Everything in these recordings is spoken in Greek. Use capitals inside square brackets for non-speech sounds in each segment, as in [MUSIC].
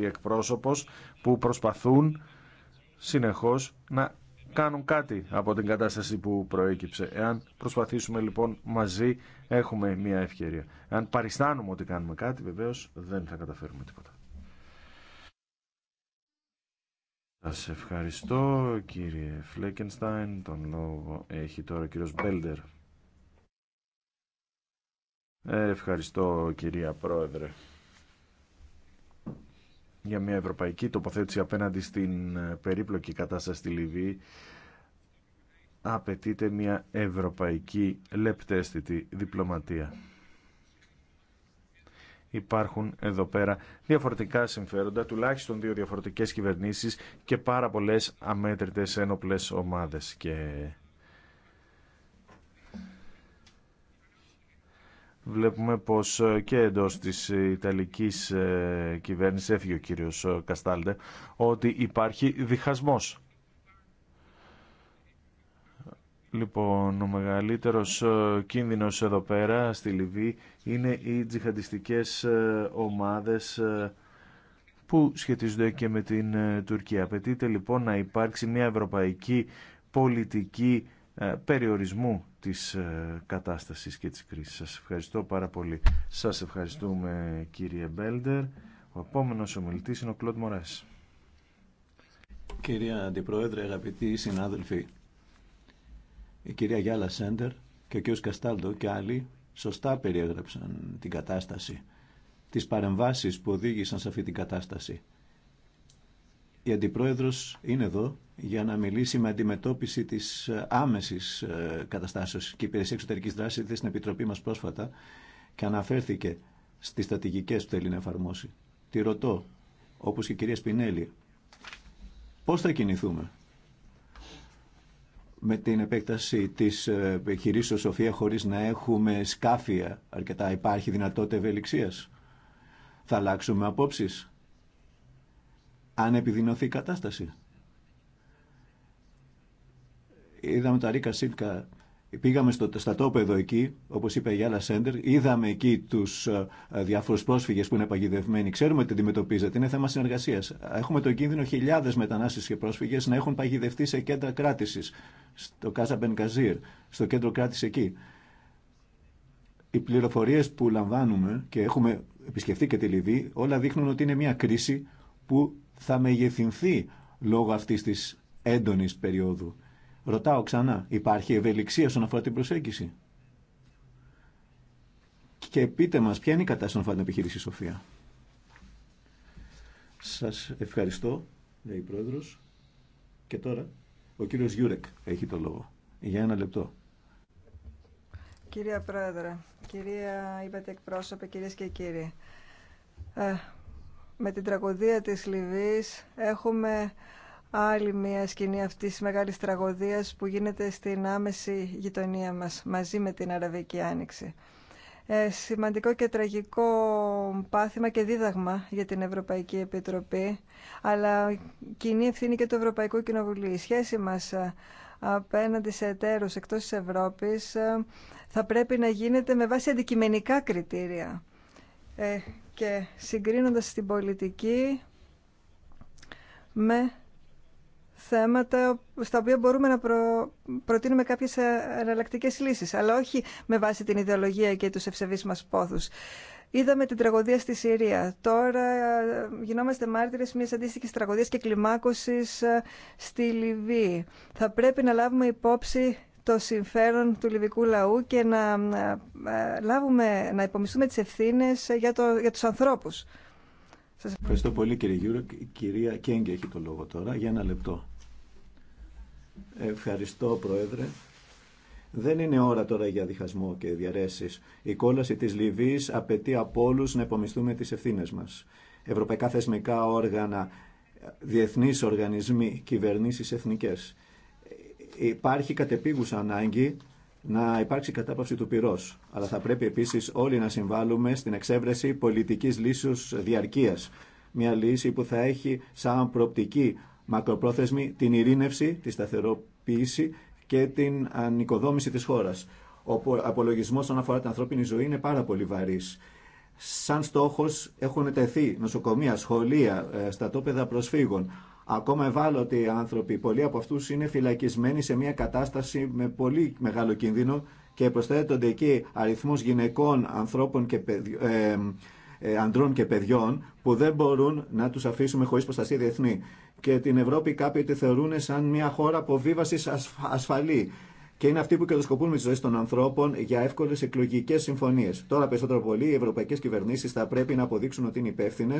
οι εκπρόσωπος που προσπαθούν συνεχώς να κάνουν κάτι από την κατάσταση που προέκυψε. Εάν προσπαθήσουμε λοιπόν μαζί έχουμε μια ευκαιρία. Εάν παριστάνουμε ότι κάνουμε κάτι βεβαίως δεν θα καταφέρουμε τίποτα. Σας ευχαριστώ κύριε Φλέκενστάιν. Τον λόγο έχει τώρα ο κύριος Μπέλντερ. Ε, ευχαριστώ κυρία Πρόεδρε για μια ευρωπαϊκή τοποθέτηση απέναντι στην ε, περίπλοκη κατάσταση στη Λιβύη απαιτείται μια ευρωπαϊκή λεπτέστητη διπλωματία. Υπάρχουν εδώ πέρα διαφορετικά συμφέροντα, τουλάχιστον δύο διαφορετικές κυβερνήσεις και πάρα πολλές αμέτρητες ένοπλες ομάδες και Βλέπουμε πως ε, και εντός της ε, Ιταλικής ε, κυβέρνησης, έφυγε ο κύριος Καστάλντε, ότι υπάρχει διχασμός. Λοιπόν, ο μεγαλύτερος κίνδυνος εδώ πέρα στη Λιβύη είναι οι τζιχαντιστικές ομάδες που σχετίζονται και με την Τουρκία. Απαιτείται λοιπόν να υπάρξει μια ευρωπαϊκή πολιτική ε, περιορισμού της ε, κατάστασης και της κρίσης. Σας ευχαριστώ πάρα πολύ. Σας ευχαριστούμε κύριε Μπέλντερ. Ο επόμενος ομιλητής είναι ο Κλοντ Μωρές. Κυρία Αντιπρόεδρε, αγαπητοί συνάδελφοι, η κυρία Γιάλα Σέντερ και ο κύριος Καστάλτο και άλλοι σωστά περιέγραψαν την κατάσταση, τις παρεμβάσεις που οδήγησαν σε αυτή την κατάσταση η Αντιπρόεδρος είναι εδώ για να μιλήσει με αντιμετώπιση της ε, άμεσης ε, καταστάσεως και Υπηρεσία Εξωτερικής Δράσης δηλαδή στην Επιτροπή μας πρόσφατα και αναφέρθηκε στις στρατηγικές που θέλει να εφαρμόσει. Τη ρωτώ, όπως και η κυρία Σπινέλη, πώς θα κινηθούμε με την επέκταση της ε, επιχειρήσεως Σοφία χωρίς να έχουμε σκάφια αρκετά υπάρχει δυνατότητα ευελιξίας. Θα αλλάξουμε απόψεις αν επιδεινωθεί η κατάσταση. Είδαμε τα Ρίκα Σίλκα, πήγαμε στο στατόπεδο εκεί, όπως είπε η άλλα Σέντερ, είδαμε εκεί τους ε, διάφορους πρόσφυγες που είναι παγιδευμένοι. Ξέρουμε ότι αντιμετωπίζεται, είναι θέμα συνεργασίας. Έχουμε τον κίνδυνο χιλιάδες μετανάστες και πρόσφυγες να έχουν παγιδευτεί σε κέντρα κράτησης, στο Κάζα Μπενκαζίρ, στο κέντρο κράτηση εκεί. Οι πληροφορίε που λαμβάνουμε και έχουμε επισκεφτεί και τη Λιβύη, όλα δείχνουν ότι είναι μια κρίση που θα μεγεθυνθεί λόγω αυτής της έντονης περίοδου. Ρωτάω ξανά, υπάρχει ευελιξία στον αφορά την προσέγγιση. Και πείτε μας, ποια είναι η κατάσταση αφορά την επιχείρηση Σοφία. Σας ευχαριστώ, λέει η Πρόεδρος. Και τώρα, ο κύριος Γιούρεκ έχει το λόγο. Για ένα λεπτό. Κυρία Πρόεδρε, κυρία είπατε εκπρόσωπε, κυρίες και κύριοι. Ε, με την τραγωδία της Λιβύης έχουμε άλλη μια σκηνή αυτής της μεγάλης τραγωδίας που γίνεται στην άμεση γειτονία μας μαζί με την Αραβική Άνοιξη. Ε, σημαντικό και τραγικό πάθημα και δίδαγμα για την Ευρωπαϊκή Επιτροπή αλλά κοινή ευθύνη και του Ευρωπαϊκού Κοινοβουλίου. Η σχέση μας ε, απέναντι σε εταίρους εκτός της Ευρώπης ε, θα πρέπει να γίνεται με βάση αντικειμενικά κριτήρια και συγκρίνοντας την πολιτική με θέματα στα οποία μπορούμε να προ... προτείνουμε κάποιες εναλλακτικέ λύσεις, αλλά όχι με βάση την ιδεολογία και τους ευσεβείς μας πόθους. Είδαμε την τραγωδία στη Συρία. Τώρα γινόμαστε μάρτυρες μιας αντίστοιχης τραγωδίας και κλιμάκωσης ε, στη Λιβύη. Θα πρέπει να λάβουμε υπόψη το συμφέρον του λιβικού λαού και να, ε, λάβουμε, να υπομισθούμε τις ευθύνες για, το, για τους ανθρώπους. Σας ευχαριστώ πολύ κύριε Γιούρο. Η κυρία Κέγγι έχει το λόγο τώρα για ένα λεπτό. Ευχαριστώ Πρόεδρε. Δεν είναι ώρα τώρα για διχασμό και διαρέσεις. Η κόλαση της Λιβύης απαιτεί από όλου να υπομισθούμε τις ευθύνες μας. Ευρωπαϊκά θεσμικά όργανα, διεθνείς οργανισμοί, κυβερνήσεις εθνικές Υπάρχει κατεπίγουσα ανάγκη να υπάρξει κατάπαυση του πυρός, αλλά θα πρέπει επίσης όλοι να συμβάλλουμε στην εξέβρεση πολιτικής λύσεως διαρκείας. Μια λύση που θα έχει σαν προοπτική μακροπρόθεσμη την ειρήνευση, τη σταθεροποίηση και την ανοικοδόμηση της χώρας. Ο απολογισμό όσον αφορά την ανθρώπινη ζωή είναι πάρα πολύ βαρύ. Σαν στόχο έχουν τεθεί νοσοκομεία, σχολεία, ε, στατόπεδα προσφύγων ακόμα ευάλωτοι άνθρωποι. Πολλοί από αυτού είναι φυλακισμένοι σε μια κατάσταση με πολύ μεγάλο κίνδυνο και προσθέτονται εκεί αριθμός γυναικών, ανθρώπων και παιδιών, ε, ε, ανδρών και παιδιών που δεν μπορούν να τους αφήσουμε χωρίς προστασία διεθνή. Και την Ευρώπη κάποιοι τη θεωρούν σαν μια χώρα αποβίβασης ασφαλή και είναι αυτοί που κερδοσκοπούν με τι ζωέ των ανθρώπων για εύκολε εκλογικέ συμφωνίε. Τώρα περισσότερο πολύ οι ευρωπαϊκέ κυβερνήσει θα πρέπει να αποδείξουν ότι είναι υπεύθυνε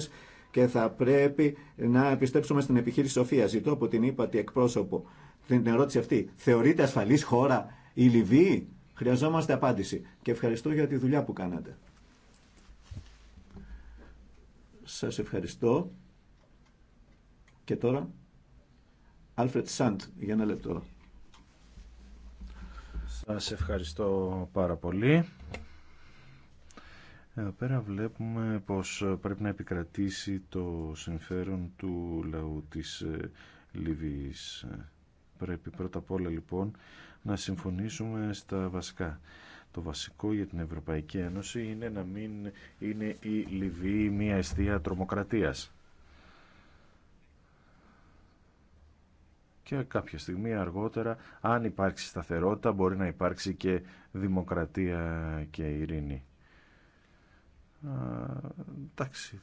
και θα πρέπει να επιστρέψουμε στην επιχείρηση Σοφία. Ζητώ από την ύπατη εκπρόσωπο την ερώτηση αυτή. Θεωρείται ασφαλή χώρα η Λιβύη. Χρειαζόμαστε απάντηση. Και ευχαριστώ για τη δουλειά που κάνατε. Σας ευχαριστώ. Και τώρα, Άλφρετ Σαντ, για ένα λεπτό. Σας ευχαριστώ πάρα πολύ. Εδώ πέρα βλέπουμε πως πρέπει να επικρατήσει το συμφέρον του λαού της ε, Λιβύης. Πρέπει πρώτα απ' όλα λοιπόν να συμφωνήσουμε στα βασικά. Το βασικό για την Ευρωπαϊκή Ένωση είναι να μην είναι η Λιβύη μια αιστεία τρομοκρατίας. και κάποια στιγμή αργότερα αν υπάρξει σταθερότητα μπορεί να υπάρξει και δημοκρατία και ειρήνη. εντάξει.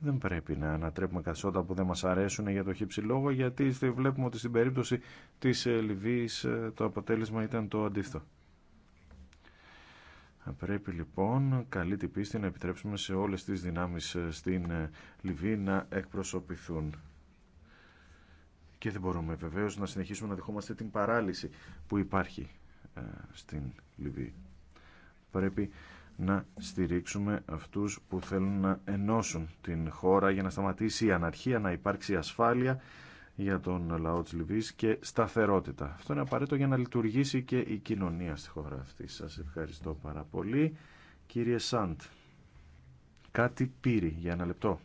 Δεν πρέπει να ανατρέπουμε καθόλου που δεν μας αρέσουν για το χύψη λόγο γιατί βλέπουμε ότι στην περίπτωση της ε, Λιβύης ε, το αποτέλεσμα ήταν το αντίθετο πρέπει λοιπόν καλή την πίστη να επιτρέψουμε σε όλες τις δυνάμεις ε, στην ε, Λιβύη να εκπροσωπηθούν. Και δεν μπορούμε βεβαίως να συνεχίσουμε να δεχόμαστε την παράλυση που υπάρχει ε, στην Λιβύη. Πρέπει να στηρίξουμε αυτούς που θέλουν να ενώσουν την χώρα για να σταματήσει η αναρχία, να υπάρξει ασφάλεια για τον λαό της Λιβύης και σταθερότητα. Αυτό είναι απαραίτητο για να λειτουργήσει και η κοινωνία στη χώρα αυτή. Σας ευχαριστώ πάρα πολύ. Κύριε Σαντ, κάτι πήρε για ένα λεπτό.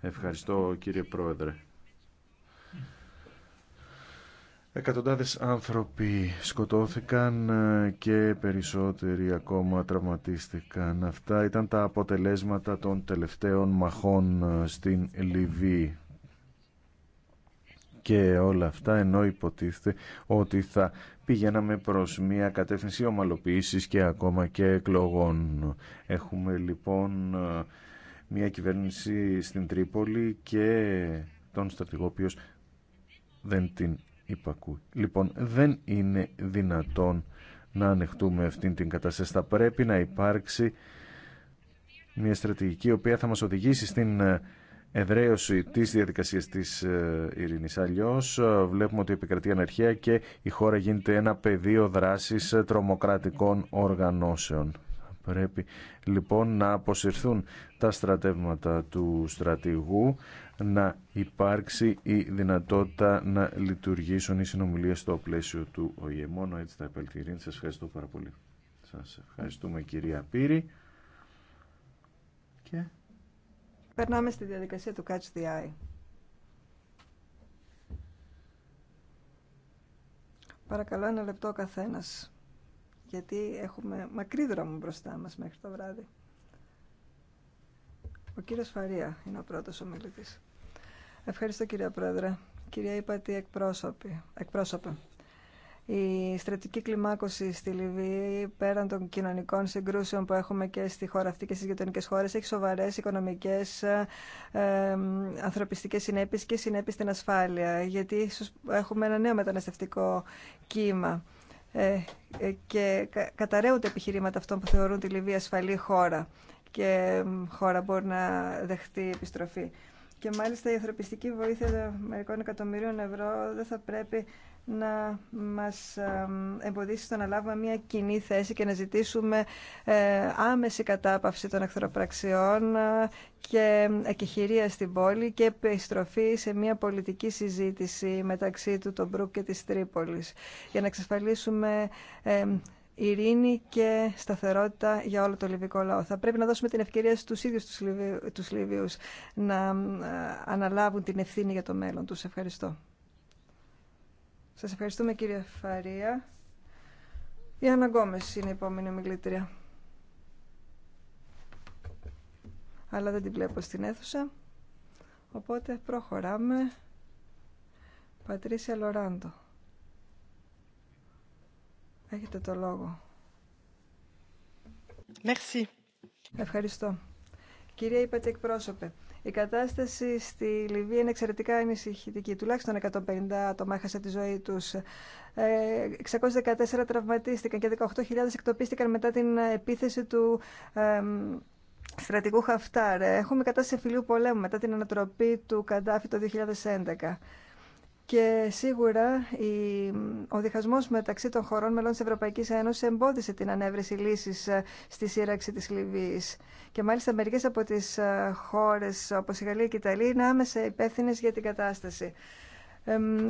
Ευχαριστώ κύριε Πρόεδρε. Εκατοντάδες άνθρωποι σκοτώθηκαν ε, και περισσότεροι ακόμα τραυματίστηκαν. Αυτά ήταν τα αποτελέσματα των τελευταίων μαχών ε, στην Λιβύη και όλα αυτά ενώ υποτίθεται ότι θα πηγαίναμε προς μια κατεύθυνση ομαλοποίησης και ακόμα και εκλογών. Έχουμε λοιπόν μια κυβέρνηση στην Τρίπολη και τον στρατηγό ο δεν την υπακούει. Λοιπόν, δεν είναι δυνατόν να ανεχτούμε αυτήν την κατάσταση. Θα πρέπει να υπάρξει μια στρατηγική η οποία θα μας οδηγήσει στην εδραίωση τη διαδικασία της ε, Ειρηνή Αλλιώ. Ε, βλέπουμε ότι επικρατεί αναρχία και η χώρα γίνεται ένα πεδίο δράσης ε, τρομοκρατικών οργανώσεων. Πρέπει λοιπόν να αποσυρθούν τα στρατεύματα του στρατηγού, να υπάρξει η δυνατότητα να λειτουργήσουν οι συνομιλίε στο πλαίσιο του ΟΗΕ. Μόνο έτσι θα ειρήνη. Σα ευχαριστώ πάρα πολύ. Σα ευχαριστούμε κυρία Πύρη. Και... Περνάμε στη διαδικασία του Catch the Eye. Παρακαλώ ένα λεπτό ο καθένας, γιατί έχουμε μακρύ δρόμο μπροστά μας μέχρι το βράδυ. Ο κύριος Φαρία είναι ο πρώτος ομιλητής. Ευχαριστώ κύριε Πρόεδρε. Κυρία Υπατή, εκπρόσωπη, εκπρόσωπε. Η στρατική κλιμάκωση στη Λιβύη, πέραν των κοινωνικών συγκρούσεων που έχουμε και στη χώρα αυτή και στι γειτονικέ χώρε, έχει σοβαρέ οικονομικέ, ε, ανθρωπιστικέ συνέπειε και συνέπειε στην ασφάλεια. Γιατί έχουμε ένα νέο μεταναστευτικό κύμα. Ε, ε και τα επιχειρήματα αυτών που θεωρούν τη Λιβύη ασφαλή χώρα και χώρα μπορεί να δεχτεί επιστροφή. Και μάλιστα η ανθρωπιστική βοήθεια μερικών εκατομμυρίων ευρώ δεν θα πρέπει να μας εμποδίσει στο να λάβουμε μια κοινή θέση και να ζητήσουμε ε, άμεση κατάπαυση των εχθροπραξιών ε, και εκεχηρία στην πόλη και επιστροφή σε μια πολιτική συζήτηση μεταξύ του τον Μπρουκ και της Τρίπολης για να εξασφαλίσουμε ειρήνη και σταθερότητα για όλο το λιβικό λαό. Θα πρέπει να δώσουμε την ευκαιρία στους ίδιους τους Λιβίους να ε, αναλάβουν την ευθύνη για το μέλλον τους. Ευχαριστώ. Σας ευχαριστούμε κύριε Φαρία. Η Άννα Γκόμες είναι η επόμενη ομιλήτρια. Αλλά δεν την βλέπω στην αίθουσα. Οπότε προχωράμε. Πατρίσια Λοράντο. Έχετε το λόγο. Merci. Ευχαριστώ. Κυρία είπατε εκπρόσωπε, η κατάσταση στη Λιβύη είναι εξαιρετικά ανησυχητική. Τουλάχιστον 150 άτομα έχασαν τη ζωή τους. 614 ε, τραυματίστηκαν και 18.000 εκτοπίστηκαν μετά την επίθεση του στρατηγού Χαφτάρ. Ε, έχουμε κατάσταση φιλίου πολέμου μετά την ανατροπή του Καντάφη το 2011. Και σίγουρα ο διχασμός μεταξύ των χωρών μελών της Ευρωπαϊκής Ένωσης εμπόδισε την ανέβρεση λύσης ε, στη σύραξη της Λιβύης. Και μάλιστα μερικές από τις ε, χώρες όπως η Γαλλία και η Ιταλία είναι άμεσα υπεύθυνε για την κατάσταση.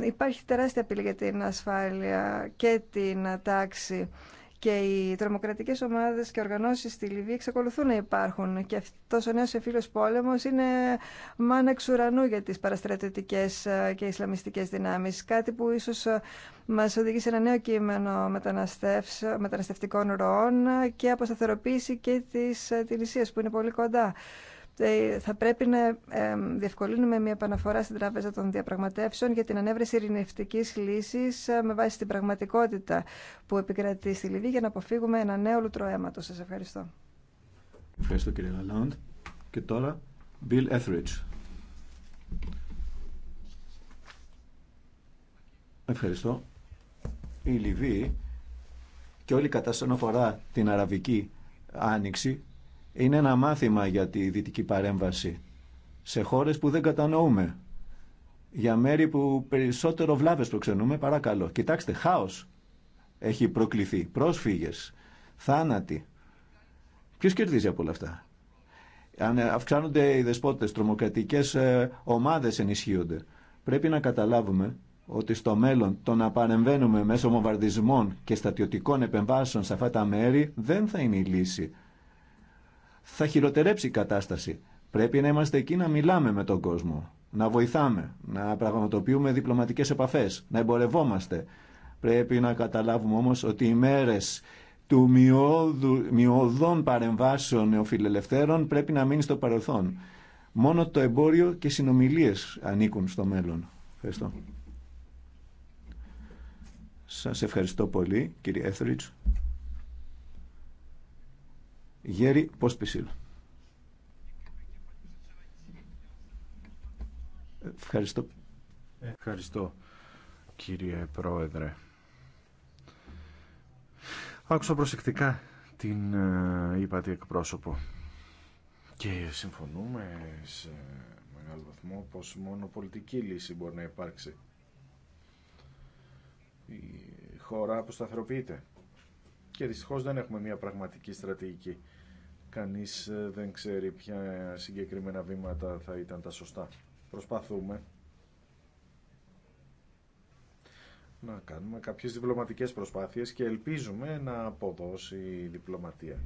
υπάρχει τεράστια απειλή για την ασφάλεια και την τάξη και οι τρομοκρατικέ ομάδε και οργανώσει στη Λιβύη εξακολουθούν να υπάρχουν. Και αυτό ο νέο εμφύλιο πόλεμο είναι μάνα εξ ουρανού για τι παραστρατιωτικέ ε, και ισλαμιστικέ δυνάμει. Κάτι που ίσω ε, μα οδηγεί σε ένα νέο κείμενο ε, μεταναστευτικών ροών και αποσταθεροποίηση και τη Τινησία που είναι πολύ κοντά. Ε, θα πρέπει να διευκολύνουμε μια επαναφορά στην Τράπεζα των Διαπραγματεύσεων για την ανέβρεση ειρηνευτική λύση ε, με βάση την πραγματικότητα που επικρατεί στη Λιβύη για να αποφύγουμε ένα νέο αίματο. Σα ευχαριστώ. Ευχαριστώ κύριε Λαλάντ. Και τώρα, Bill Etheridge. Ευχαριστώ. Η Λιβύη και όλη η κατάσταση αφορά την Αραβική Άνοιξη είναι ένα μάθημα για τη δυτική παρέμβαση σε χώρες που δεν κατανοούμε. Για μέρη που περισσότερο βλάβες προξενούμε, παρακαλώ. Κοιτάξτε, χάος έχει προκληθεί, πρόσφυγες, θάνατοι. Ποιος κερδίζει από όλα αυτά. Αν αυξάνονται οι δεσπότες, τρομοκρατικές ε, ομάδες ενισχύονται. Πρέπει να καταλάβουμε ότι στο μέλλον το να παρεμβαίνουμε μέσω μοβαρδισμών και στατιωτικών επεμβάσεων σε αυτά τα μέρη δεν θα είναι η λύση θα χειροτερέψει η κατάσταση. Πρέπει να είμαστε εκεί να μιλάμε με τον κόσμο, να βοηθάμε, να πραγματοποιούμε διπλωματικές επαφές, να εμπορευόμαστε. Πρέπει να καταλάβουμε όμως ότι οι μέρες του μειωδών παρεμβάσεων νεοφιλελευθέρων πρέπει να μείνει στο παρελθόν. Μόνο το εμπόριο και οι συνομιλίες ανήκουν στο μέλλον. Ευχαριστώ. Σας ευχαριστώ πολύ κύριε Έθριτς. Γέρι Πόσπισιλ. Ευχαριστώ. Ευχαριστώ κύριε Πρόεδρε. Άκουσα προσεκτικά την ε, είπατε εκπρόσωπο και συμφωνούμε σε μεγάλο βαθμό πως μόνο πολιτική λύση μπορεί να υπάρξει. Η χώρα αποσταθεροποιείται και δυστυχώ δεν έχουμε μια πραγματική στρατηγική. κανεί ε, δεν ξέρει ποια συγκεκριμένα βήματα θα ήταν τα σωστά. Προσπαθούμε να κάνουμε κάποιες διπλωματικές προσπάθειες και ελπίζουμε να αποδώσει η διπλωματία.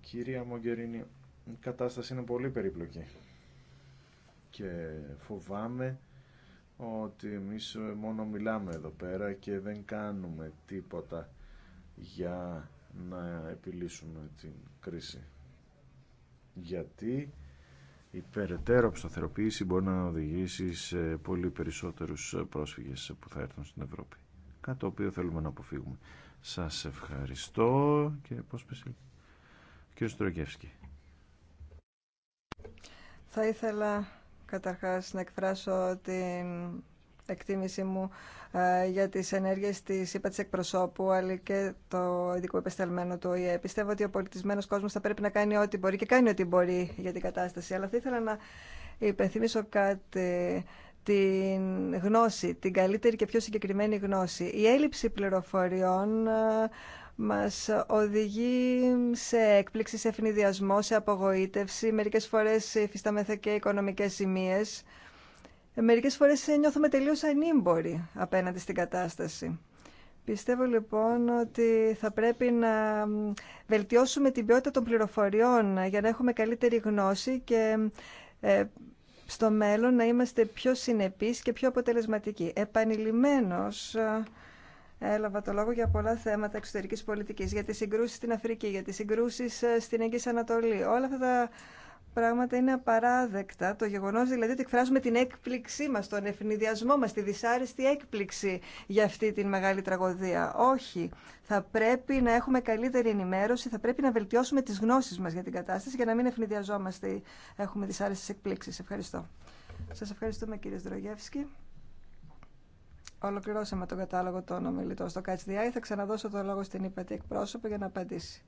Κυρία Μογκερίνη, η κατάσταση είναι πολύ περίπλοκη και φοβάμαι ότι εμείς μόνο μιλάμε εδώ πέρα και δεν κάνουμε τίποτα για να επιλύσουμε την κρίση. Γιατί η περαιτέρω ψωθεροποίηση μπορεί να οδηγήσει σε πολύ περισσότερους πρόσφυγες που θα έρθουν στην Ευρώπη. Κάτι το οποίο θέλουμε να αποφύγουμε. Σας ευχαριστώ και πώς πες Κύριε Στρογεύσκη. Θα ήθελα καταρχάς να εκφράσω την εκτίμηση μου ε, για τις ενέργειες της ΥΠΑ της εκπροσώπου αλλά και το ειδικό επεσταλμένο του ΟΗΕ. Πιστεύω ότι ο πολιτισμένος κόσμος θα πρέπει να κάνει ό,τι μπορεί και κάνει ό,τι μπορεί για την κατάσταση. Αλλά θα ήθελα να υπενθυμίσω κάτι την γνώση, την καλύτερη και πιο συγκεκριμένη γνώση. Η έλλειψη πληροφοριών ε, μας οδηγεί σε έκπληξη, σε φινιδιασμό, σε απογοήτευση. Μερικές φορές υφιστάμεθα και οικονομικές σημείες. Ε, μερικές φορές νιώθουμε τελείως ανήμποροι απέναντι στην κατάσταση. Πιστεύω λοιπόν ότι θα πρέπει να βελτιώσουμε την ποιότητα των πληροφοριών για να έχουμε καλύτερη γνώση και ε, στο μέλλον να είμαστε πιο συνεπείς και πιο αποτελεσματικοί. Επανειλημμένος ε, έλαβα το λόγο για πολλά θέματα εξωτερικής πολιτικής, για τις συγκρούσεις στην Αφρική, για τις συγκρούσεις στην Αγγής Ανατολή. Όλα αυτά τα πράγματα είναι απαράδεκτα. Το γεγονό δηλαδή ότι εκφράζουμε την έκπληξή μα, τον ευνηδιασμό μα, τη δυσάρεστη έκπληξη για αυτή τη μεγάλη τραγωδία. Όχι. Θα πρέπει να έχουμε καλύτερη ενημέρωση, θα πρέπει να βελτιώσουμε τι γνώσει μα για την κατάσταση για να μην ευνηδιαζόμαστε. Έχουμε δυσάρεστε εκπλήξει. Ευχαριστώ. Σα ευχαριστούμε κύριε Στρογεύσκη. Ολοκληρώσαμε τον κατάλογο των ομιλητών στο ΚΑΤΣΔΙ. Θα ξαναδώσω το λόγο στην ΥΠΑΤΗ εκπρόσωπο για να απαντήσει.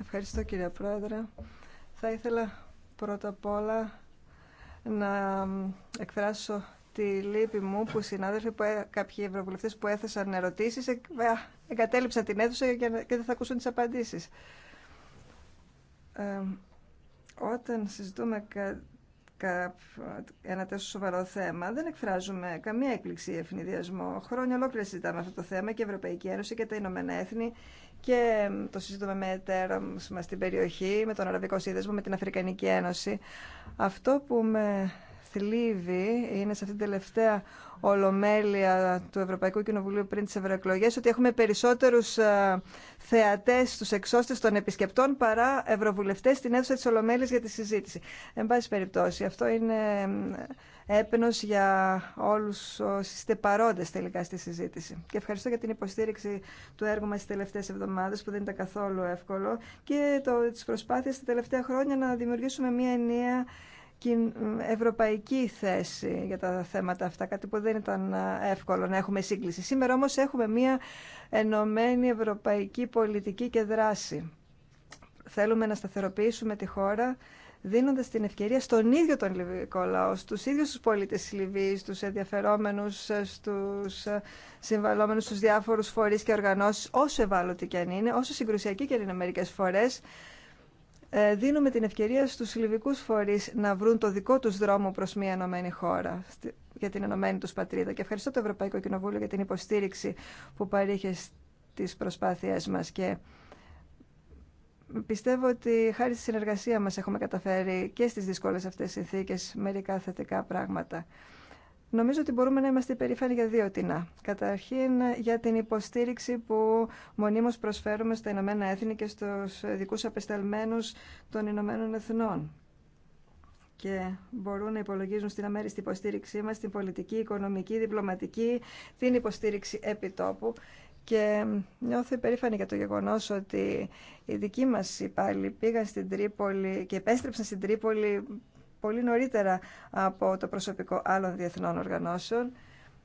Ευχαριστώ κύριε Πρόεδρε. Θα ήθελα πρώτα απ' όλα να εκφράσω τη λύπη μου που συνάδελφοι, που, κάποιοι ευρωβουλευτές που έθεσαν ερωτήσεις εγκατέλειψαν την αίθουσα και δεν θα ακούσουν τις απαντήσεις. Ε, όταν συζητούμε ένα τόσο σοβαρό θέμα, δεν εκφράζουμε καμία έκπληξη ευνηδιασμό. Χρόνια ολόκληρα συζητάμε αυτό το θέμα και η Ευρωπαϊκή Ένωση και τα Ηνωμένα Έθνη και το συζητούμε με εταίρα μας στην περιοχή, με τον Αραβικό Σύνδεσμο, με την Αφρικανική Ένωση. Αυτό που με είναι σε αυτήν την τελευταία ολομέλεια του Ευρωπαϊκού Κοινοβουλίου πριν τις ευρωεκλογέ ότι έχουμε περισσότερους ε, θεατές στους εξώστες των επισκεπτών παρά ευρωβουλευτές στην αίθουσα της Ολομέλειας για τη συζήτηση. Εν πάση περιπτώσει, αυτό είναι ε, έπαινος για όλους όσοι είστε παρόντες τελικά στη συζήτηση. Και ευχαριστώ για την υποστήριξη του έργου μας τις τελευταίες εβδομάδες που δεν ήταν καθόλου εύκολο και το, τις προσπάθειες τα τελευταία χρόνια να δημιουργήσουμε μια ενιαία ευρωπαϊκή θέση για τα θέματα αυτά, κάτι που δεν ήταν εύκολο να έχουμε σύγκληση. Σήμερα όμως έχουμε μια ενωμένη ευρωπαϊκή πολιτική και δράση. Θέλουμε να σταθεροποιήσουμε τη χώρα δίνοντας την ευκαιρία στον ίδιο τον Λιβυκό λαό, στους ίδιους τους πολίτες της Λιβύης, ε, στους ενδιαφερόμενους, στους συμβαλόμενους, στους διάφορους φορείς και οργανώσεις, όσο ευάλωτοι και αν είναι, όσο συγκρουσιακοί και αν είναι μερικές φορές, ε, δίνουμε την ευκαιρία στους λιβικούς φορείς να βρουν το δικό τους δρόμο προς μια ενωμένη χώρα για την ενωμένη τους πατρίδα. Και ευχαριστώ το Ευρωπαϊκό Κοινοβούλιο για την υποστήριξη που παρήχε στις προσπάθειές μας και πιστεύω ότι χάρη στη συνεργασία μας έχουμε καταφέρει και στις δύσκολες αυτές συνθήκες μερικά θετικά πράγματα. Νομίζω ότι μπορούμε να είμαστε υπερήφανοι για δύο τινά. Καταρχήν για την υποστήριξη που μονίμως προσφέρουμε στα Ηνωμένα Έθνη και στους δικούς απεσταλμένους των Ηνωμένων Εθνών και μπορούν να υπολογίζουν στην αμέριστη υποστήριξή μας την πολιτική, οικονομική, διπλωματική, την υποστήριξη επιτόπου και νιώθω υπερήφανη για το γεγονό ότι οι δικοί μα υπάλληλοι πήγαν στην Τρίπολη και επέστρεψαν στην Τρίπολη πολύ νωρίτερα από το προσωπικό άλλων διεθνών οργανώσεων.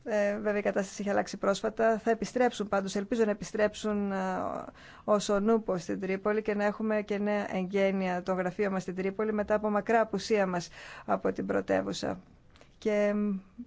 Ε, βέβαια η κατάσταση έχει αλλάξει πρόσφατα. Θα επιστρέψουν πάντως, ελπίζω να επιστρέψουν ε, ως ο Νούπο στην Τρίπολη και να έχουμε και νέα εγγένεια το γραφείο μας στην Τρίπολη μετά από μακρά απουσία μας από την πρωτεύουσα. Και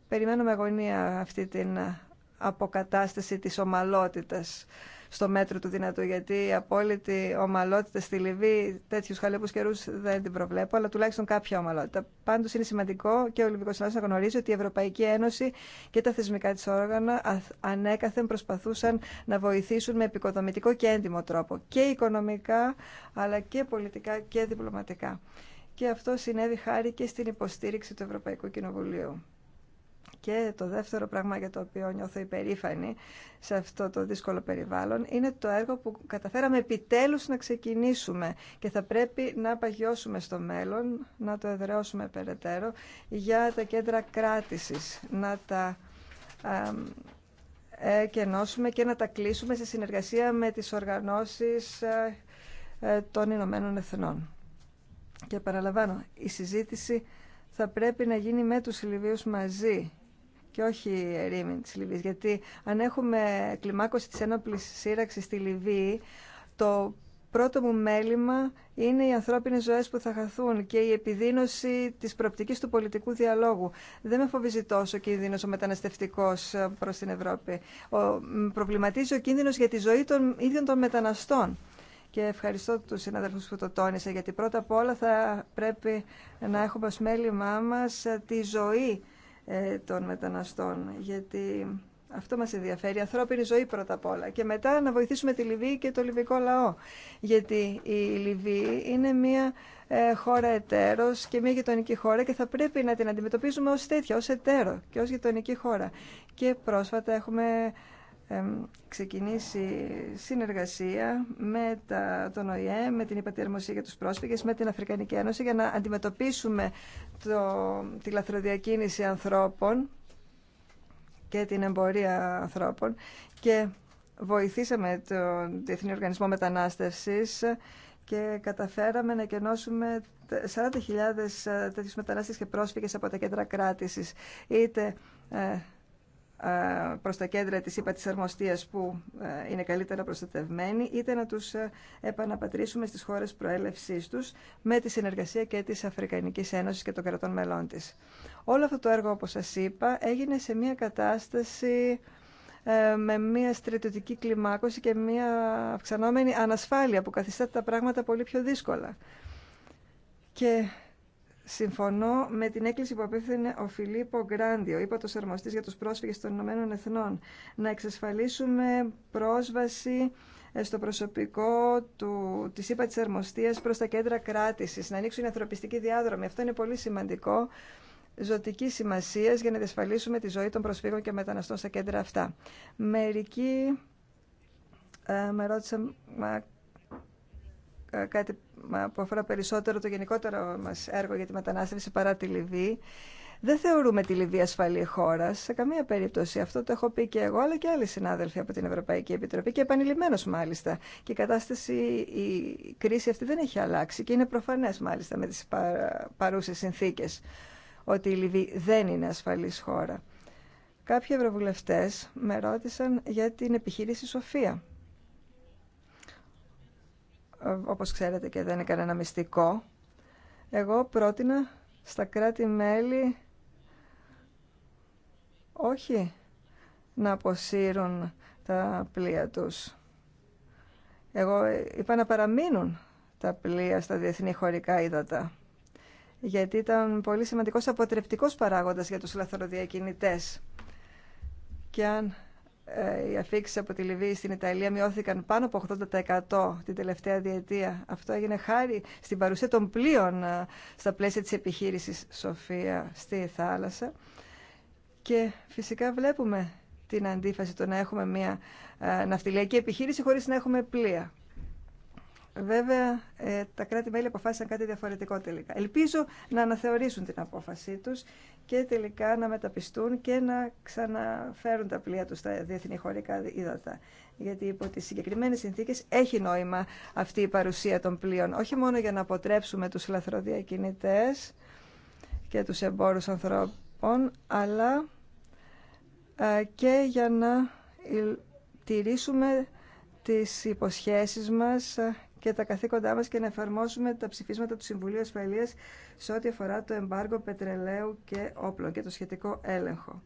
περιμένουμε με αγωνία αυτή την ε, αποκατάσταση της ομαλότητας στο μέτρο του δυνατού, γιατί η απόλυτη ομαλότητα στη Λιβύη τέτοιου χαλεπού καιρού δεν την προβλέπω, αλλά τουλάχιστον κάποια ομαλότητα. Πάντω είναι σημαντικό και ο Λιβυκό Συνάδελφο να γνωρίζει ότι η Ευρωπαϊκή Ένωση και τα θεσμικά τη όργανα ανέκαθεν προσπαθούσαν να βοηθήσουν με επικοδομητικό και έντιμο τρόπο και οικονομικά, αλλά και πολιτικά και διπλωματικά. Και αυτό συνέβη χάρη και στην υποστήριξη του Ευρωπαϊκού Κοινοβουλίου. Και το δεύτερο πράγμα για το οποίο νιώθω υπερήφανη σε αυτό το δύσκολο περιβάλλον είναι το έργο που καταφέραμε επιτέλους να ξεκινήσουμε και θα πρέπει να παγιώσουμε στο μέλλον, να το εδραιώσουμε περαιτέρω για τα κέντρα κράτησης, να τα κενώσουμε και να τα κλείσουμε σε συνεργασία με τις οργανώσεις ε, ε, των Ηνωμένων Εθνών. Και παραλαμβάνω, η συζήτηση θα πρέπει να γίνει με τους Λιβύους μαζί και όχι ερήμην της Λιβύης. Γιατί αν έχουμε κλιμάκωση της ένοπλης σύραξης στη Λιβύη, το πρώτο μου μέλημα είναι οι ανθρώπινες ζωές που θα χαθούν και η επιδείνωση της προοπτικής του πολιτικού διαλόγου. Δεν με φοβίζει τόσο ο κίνδυνος ο μεταναστευτικός προς την Ευρώπη. Ο, προβληματίζει ο κίνδυνος για τη ζωή των ίδιων των μεταναστών. Και ευχαριστώ τους συναδέλφους που το τόνισα, γιατί πρώτα απ' όλα θα πρέπει να έχουμε ως μέλημά μας τη ζωή ε, των μεταναστών, γιατί αυτό μας ενδιαφέρει, η ανθρώπινη ζωή πρώτα απ' όλα. Και μετά να βοηθήσουμε τη Λιβύη και το λιβικό λαό. Γιατί η Λιβύη είναι μια ε, χώρα εταίρος και μια γειτονική χώρα και θα πρέπει να την αντιμετωπίζουμε ως τέτοια, ως εταίρο και ως γειτονική χώρα. Και πρόσφατα έχουμε ξεκινήσει συνεργασία με τα, τον ΟΗΕ, με την Υπατήρμοσία για τους πρόσφυγες, με την Αφρικανική Ένωση για να αντιμετωπίσουμε το, τη λαθροδιακίνηση ανθρώπων και την εμπορία ανθρώπων και βοηθήσαμε τον Διεθνή Οργανισμό Μετανάστευσης και καταφέραμε να κενώσουμε 40.000 ε, τέτοιους μετανάστες και πρόσφυγες από τα κέντρα κράτησης, είτε ε, ε, προς τα κέντρα της ΥΠΑ της Αρμοστίας που ε, είναι καλύτερα προστατευμένοι είτε να τους ε, επαναπατρίσουμε στις χώρες προέλευσής τους με τη συνεργασία και της Αφρικανικής Ένωσης και των κρατών μελών της. Όλο αυτό το έργο, όπως σας είπα, έγινε σε μια κατάσταση με μια στρατιωτική κλιμάκωση και μια αυξανόμενη ανασφάλεια που καθιστά τα πράγματα πολύ πιο δύσκολα. Και Συμφωνώ με την έκκληση που απέθυνε ο Φιλίππο Γκράντιο, το αρμοστής για τους πρόσφυγες των Ηνωμένων Εθνών, να εξασφαλίσουμε πρόσβαση ε, στο προσωπικό του, της ΥΠΑ της Αρμοστίας προς τα κέντρα κράτησης, να ανοίξουν οι ανθρωπιστικοί διάδρομοι. Αυτό είναι πολύ σημαντικό, ζωτική σημασία για να διασφαλίσουμε τη ζωή των προσφύγων και μεταναστών στα κέντρα αυτά. Μερικοί ε, με ρώτησαν ε, κάτι που αφορά περισσότερο το γενικότερο μας έργο για τη μετανάστευση παρά τη Λιβύη. Δεν θεωρούμε τη Λιβύη ασφαλή χώρα σε καμία περίπτωση. Αυτό το έχω πει και εγώ, αλλά και άλλοι συνάδελφοι από την Ευρωπαϊκή Επιτροπή και επανειλημμένω μάλιστα. Και η κατάσταση, η κρίση αυτή δεν έχει αλλάξει και είναι προφανέ μάλιστα με τι παρούσε συνθήκε ότι η Λιβύη δεν είναι ασφαλή χώρα. Κάποιοι ευρωβουλευτέ με ρώτησαν για την επιχείρηση Σοφία. Ε, όπως ξέρετε και δεν είναι κανένα μυστικό, εγώ πρότεινα στα κράτη-μέλη όχι να αποσύρουν τα πλοία τους. Εγώ είπα να παραμείνουν τα πλοία στα διεθνή χωρικά ύδατα, γιατί ήταν πολύ σημαντικός αποτρεπτικός παράγοντας για τους λαθροδιακινητές. Και αν ε, οι αφήξει από τη Λιβύη στην Ιταλία μειώθηκαν πάνω από 80% την τελευταία διετία. Αυτό έγινε χάρη στην παρουσία των πλοίων ε, στα πλαίσια της επιχείρησης Σοφία στη θάλασσα. Και φυσικά βλέπουμε την αντίφαση το να έχουμε μια ε, ναυτιλιακή επιχείρηση χωρίς να έχουμε πλοία. Βέβαια, ε, τα κράτη-μέλη αποφάσισαν κάτι διαφορετικό τελικά. Ελπίζω να αναθεωρήσουν την απόφασή τους και τελικά να μεταπιστούν και να ξαναφέρουν τα πλοία τους στα διεθνή χωρικά ύδατα. Γιατί υπό τις συγκεκριμένες συνθήκες έχει νόημα αυτή η παρουσία των πλοίων. Όχι μόνο για να αποτρέψουμε τους λαθροδιακινητές και τους εμπόρους ανθρώπων, αλλά ε, και για να τηρήσουμε τις υποσχέσεις μας και τα καθήκοντά μας και να εφαρμόσουμε τα ψηφίσματα του Συμβουλίου Ασφαλείας σε ό,τι αφορά το εμπάργο πετρελαίου και όπλων και το σχετικό έλεγχο.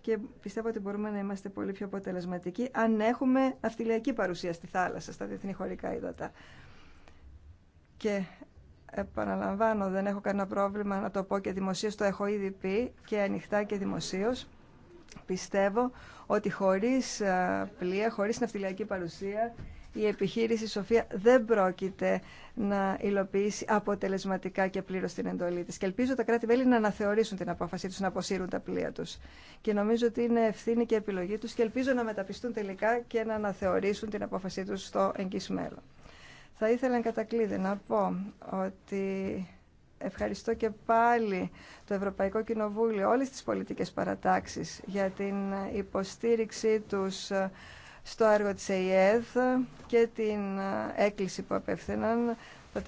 Και πιστεύω ότι μπορούμε να είμαστε πολύ πιο αποτελεσματικοί αν έχουμε αυτιλιακή παρουσία στη θάλασσα, στα διεθνή χωρικά ύδατα. Και επαναλαμβάνω, δεν έχω κανένα πρόβλημα να το πω και δημοσίως, το έχω ήδη πει και ανοιχτά και δημοσίως. Πιστεύω ότι χωρίς ε, πλοία, χωρίς ναυτιλιακή παρουσία, η επιχείρηση Σοφία δεν πρόκειται να υλοποιήσει αποτελεσματικά και πλήρω την εντολή τη. Και ελπίζω τα κράτη-μέλη να αναθεωρήσουν την απόφασή του να αποσύρουν τα πλοία του. Και νομίζω ότι είναι ευθύνη και επιλογή του και ελπίζω να μεταπιστούν τελικά και να αναθεωρήσουν την απόφασή του στο εγγύ μέλλον. Θα ήθελα εν κατακλείδη να πω ότι ευχαριστώ και πάλι το Ευρωπαϊκό Κοινοβούλιο, όλες τις πολιτικές παρατάξεις για την υποστήριξή τους στο έργο της ΕΙΕΔ και την ε, έκκληση που απέφθαιναν τα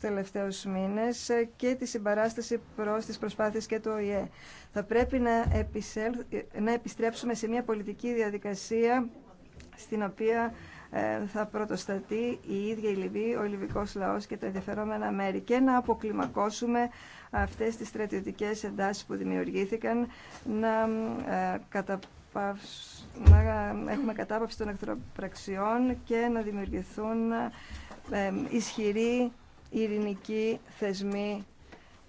τελευταία μήνες ε, και τη συμπαράσταση προς τις προσπάθειες και του ΟΗΕ. Θα πρέπει να, να επιστρέψουμε σε μια πολιτική διαδικασία στην οποία ε, θα πρωτοστατεί η ίδια η Λιβύη, ο Λιβικός λαός και τα ενδιαφερόμενα μέρη και να αποκλιμακώσουμε αυτές τις στρατιωτικές εντάσεις που δημιουργήθηκαν, να καταπαύσουμε να έχουμε κατάπαυση των εχθροπραξιών και να δημιουργηθούν ισχυροί ειρηνικοί θεσμοί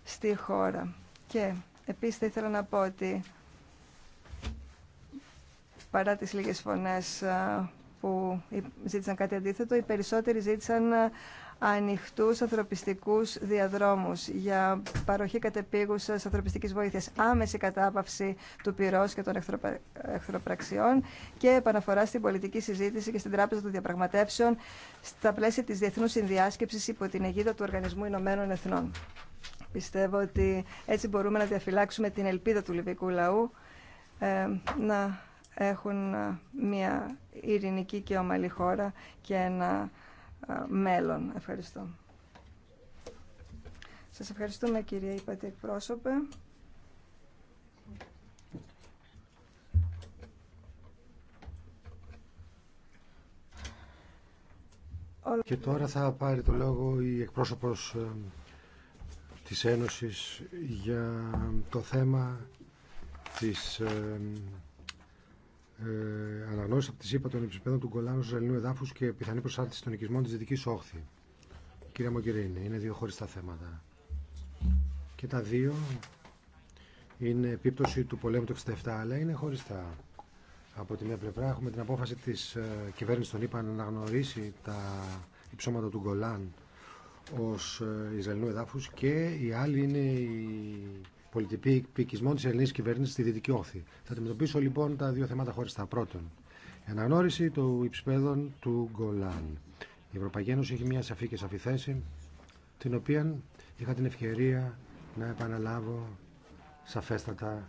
στη χώρα. Και επίσης θα ήθελα να πω ότι παρά τις λίγες φωνές που ζήτησαν κάτι αντίθετο, οι περισσότεροι ζήτησαν ανοιχτούς ανθρωπιστικούς διαδρόμους για παροχή κατεπίγουσας ανθρωπιστικής βοήθειας, άμεση κατάπαυση του πυρός και των εχθροπραξιών και επαναφορά στην πολιτική συζήτηση και στην Τράπεζα των Διαπραγματεύσεων στα πλαίσια της Διεθνούς Συνδιάσκεψης υπό την αιγύδα του Οργανισμού Ηνωμένων Εθνών. Πιστεύω ότι έτσι μπορούμε να διαφυλάξουμε την ελπίδα του λιβικού λαού ε, να έχουν μια ειρηνική και ομαλή χώρα και ένα ε, μέλλον. Ευχαριστώ. Σας ευχαριστούμε κυρία Υπάτη εκπρόσωπε. Και τώρα θα πάρει το λόγο η εκπρόσωπος ε, της Ένωσης για το θέμα της ε, ε, αναγνώριση από τη ΣΥΠΑ των υψηπέδων του Γκολάνου στου ελληνικού εδάφους και πιθανή προσάρτηση των οικισμών τη Δυτική Όχθη. Κύριε Μογκερίνη, είναι δύο χωριστά θέματα. Και τα δύο είναι επίπτωση του πολέμου του 67, αλλά είναι χωριστά. Από τη μία πλευρά έχουμε την απόφαση τη ε, κυβέρνηση των ΗΠΑ να αναγνωρίσει τα υψώματα του Γκολάν ω ε, Ισραηλινού εδάφου και η άλλη είναι η πολιτικισμών τη ελληνική κυβέρνηση στη δυτική όχθη. Θα αντιμετωπίσω λοιπόν τα δύο θέματα χωριστά. Πρώτον, η αναγνώριση του υψηπέδων του Γκολάν. Η Ευρωπαϊκή Ένωση έχει μια σαφή και σαφή θέση, την οποία είχα την ευκαιρία να επαναλάβω σαφέστατα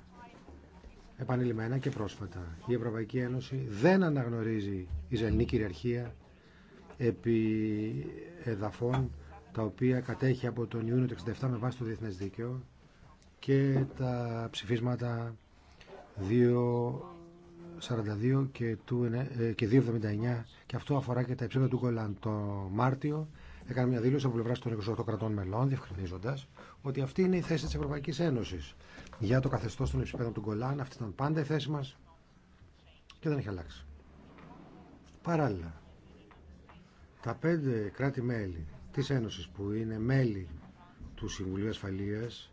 επανειλημμένα και πρόσφατα. Η Ευρωπαϊκή Ένωση δεν αναγνωρίζει η Ισραηλινή κυριαρχία επί εδαφών τα οποία κατέχει από τον Ιούνιο του 1967 με βάση το διεθνές δίκαιο και τα ψηφίσματα 2.42 και, ε, και 2.79 και αυτό αφορά και τα υψήματα του Γκολάν. Το Μάρτιο έκανε μια δήλωση από πλευρά των 28 κρατών μελών, διευκρινίζοντα ότι αυτή είναι η θέση της Ευρωπαϊκής Ένωσης για το καθεστώς των ψηφίσματος του Γκολάν. Αυτή ήταν πάντα η θέση μας και δεν έχει αλλάξει. Παράλληλα, τα πέντε κράτη-μέλη της Ένωσης που είναι μέλη του Συμβουλίου Ασφαλείας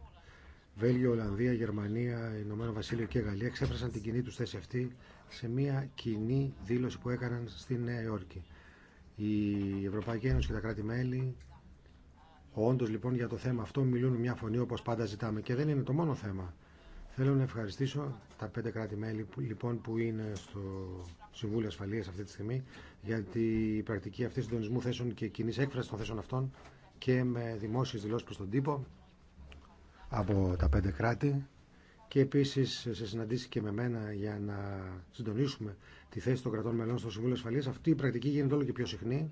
Βέλγιο, Ολλανδία, Γερμανία, Ηνωμένο Βασίλειο και Γαλλία εξέφρασαν την κοινή του θέση αυτή σε μια κοινή δήλωση που έκαναν στη Νέα Υόρκη. Η Ευρωπαϊκή Ένωση και τα κράτη-μέλη, όντω λοιπόν για το θέμα αυτό, μιλούν μια φωνή όπω πάντα ζητάμε. Και δεν είναι το μόνο θέμα. Θέλω να ευχαριστήσω τα πέντε κράτη-μέλη λοιπόν, που είναι στο Συμβούλιο Ασφαλείας αυτή τη στιγμή, γιατί η πρακτική αυτή συντονισμού θέσεων και κοινή έκφραση των θέσεων αυτών και με δημόσιε δηλώσει προ τον τύπο από τα πέντε κράτη και επίσης σε συναντήσει και με μένα για να συντονίσουμε τη θέση των κρατών μελών στο Συμβούλιο Ασφαλείας. Αυτή η πρακτική γίνεται όλο και πιο συχνή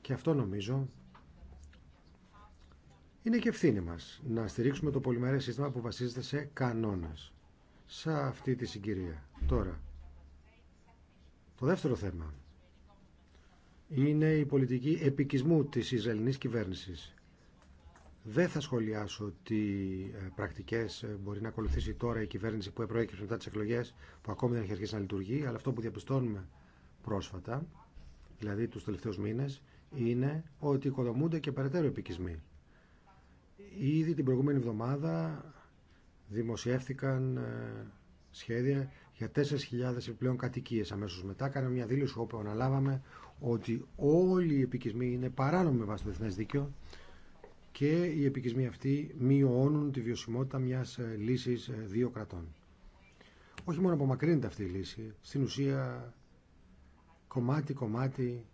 και αυτό νομίζω είναι και ευθύνη μας να στηρίξουμε το πολυμερές σύστημα που βασίζεται σε κανόνες. Σε αυτή τη συγκυρία. Τώρα, το δεύτερο θέμα είναι η πολιτική επικισμού της Ισραηλινής κυβέρνησης δεν θα σχολιάσω τι ε, πρακτικέ ε, μπορεί να ακολουθήσει τώρα η κυβέρνηση που επροέκυψε μετά τι εκλογέ, που ακόμη δεν έχει αρχίσει να λειτουργεί, αλλά αυτό που διαπιστώνουμε πρόσφατα, δηλαδή του τελευταίου μήνε, είναι ότι οικοδομούνται και περαιτέρω επικισμοί. Ήδη την προηγούμενη εβδομάδα δημοσιεύθηκαν ε, σχέδια για 4.000 επιπλέον κατοικίε αμέσω μετά. Κάναμε μια δήλωση όπου αναλάβαμε ότι όλοι οι επικισμοί είναι παράνομοι με βάση το διεθνέ δίκαιο και οι επικισμοί αυτοί μειώνουν τη βιωσιμότητα μιας ε, λύσης ε, δύο κρατών. Όχι μόνο απομακρύνεται αυτή η λύση, στην ουσία κομμάτι-κομμάτι